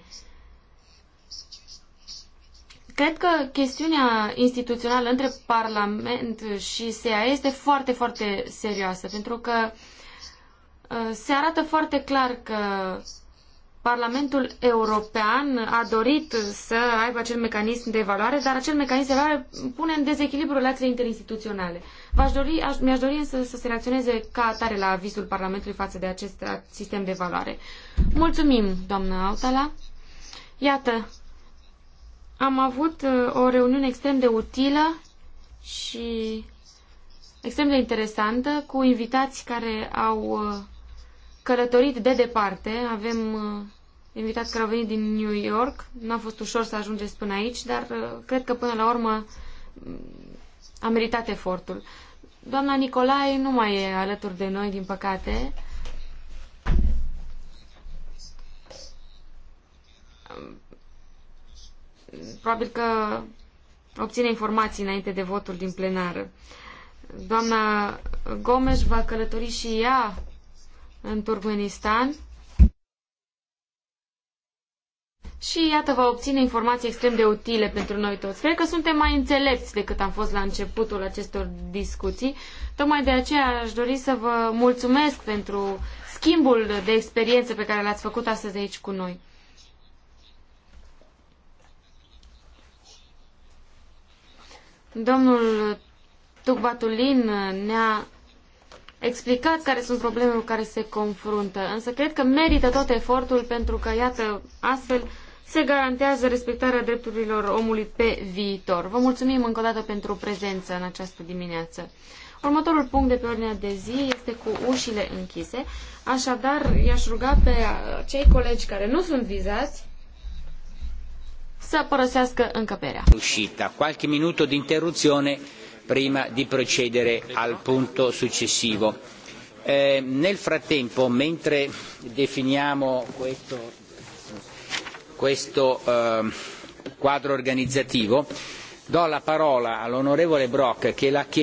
Cred că chestiunea instituțională între Parlament și SEA este foarte, foarte serioasă, pentru că uh, se arată foarte clar că Parlamentul European a dorit să aibă acel mecanism de evaluare, dar acel mecanism de evaluare pune în dezechilibru relațiile interinstituționale. V-aș dori, aș, mi-aș dori însă să se reacționeze ca atare la avizul Parlamentului față de acest sistem de evaluare. Mulțumim, doamna Autala. Iată, am avut uh, o reuniune extrem de utilă și extrem de interesantă cu invitați care au uh, călătorit de departe. Avem uh, invitați care au venit din New York. Nu a fost ușor să ajungeți până aici, dar uh, cred că până la urmă mm, a meritat efortul. Doamna Nicolae nu mai e alături de noi, din păcate. Mm, probabil că obține informații înainte de votul din plenară. Doamna Gomes va călători și ea în Turkmenistan și iată va obține informații extrem de utile pentru noi toți. Cred că suntem mai înțelepți decât am fost la începutul acestor discuții. Tocmai de aceea aș dori să vă mulțumesc pentru schimbul de experiență pe care l-ați făcut astăzi aici cu noi. Domnul Tugbatulin ne-a explicat care sunt problemele cu care se confruntă, însă cred că merită tot efortul pentru că, iată, astfel se garantează respectarea drepturilor omului pe viitor. Vă mulțumim încă o dată pentru prezență în această dimineață. Următorul punct de pe ordinea de zi este cu ușile închise, așadar i-aș ruga pe cei colegi care nu sunt vizați să părăsească încăperea. Uscita, qualche minuto di interruzione prima di procedere al punto successivo. Eh, nel frattempo, mentre definiamo questo questo ehm, quadro organizzativo do la parola all'onorevole Brok che l'ha chiesto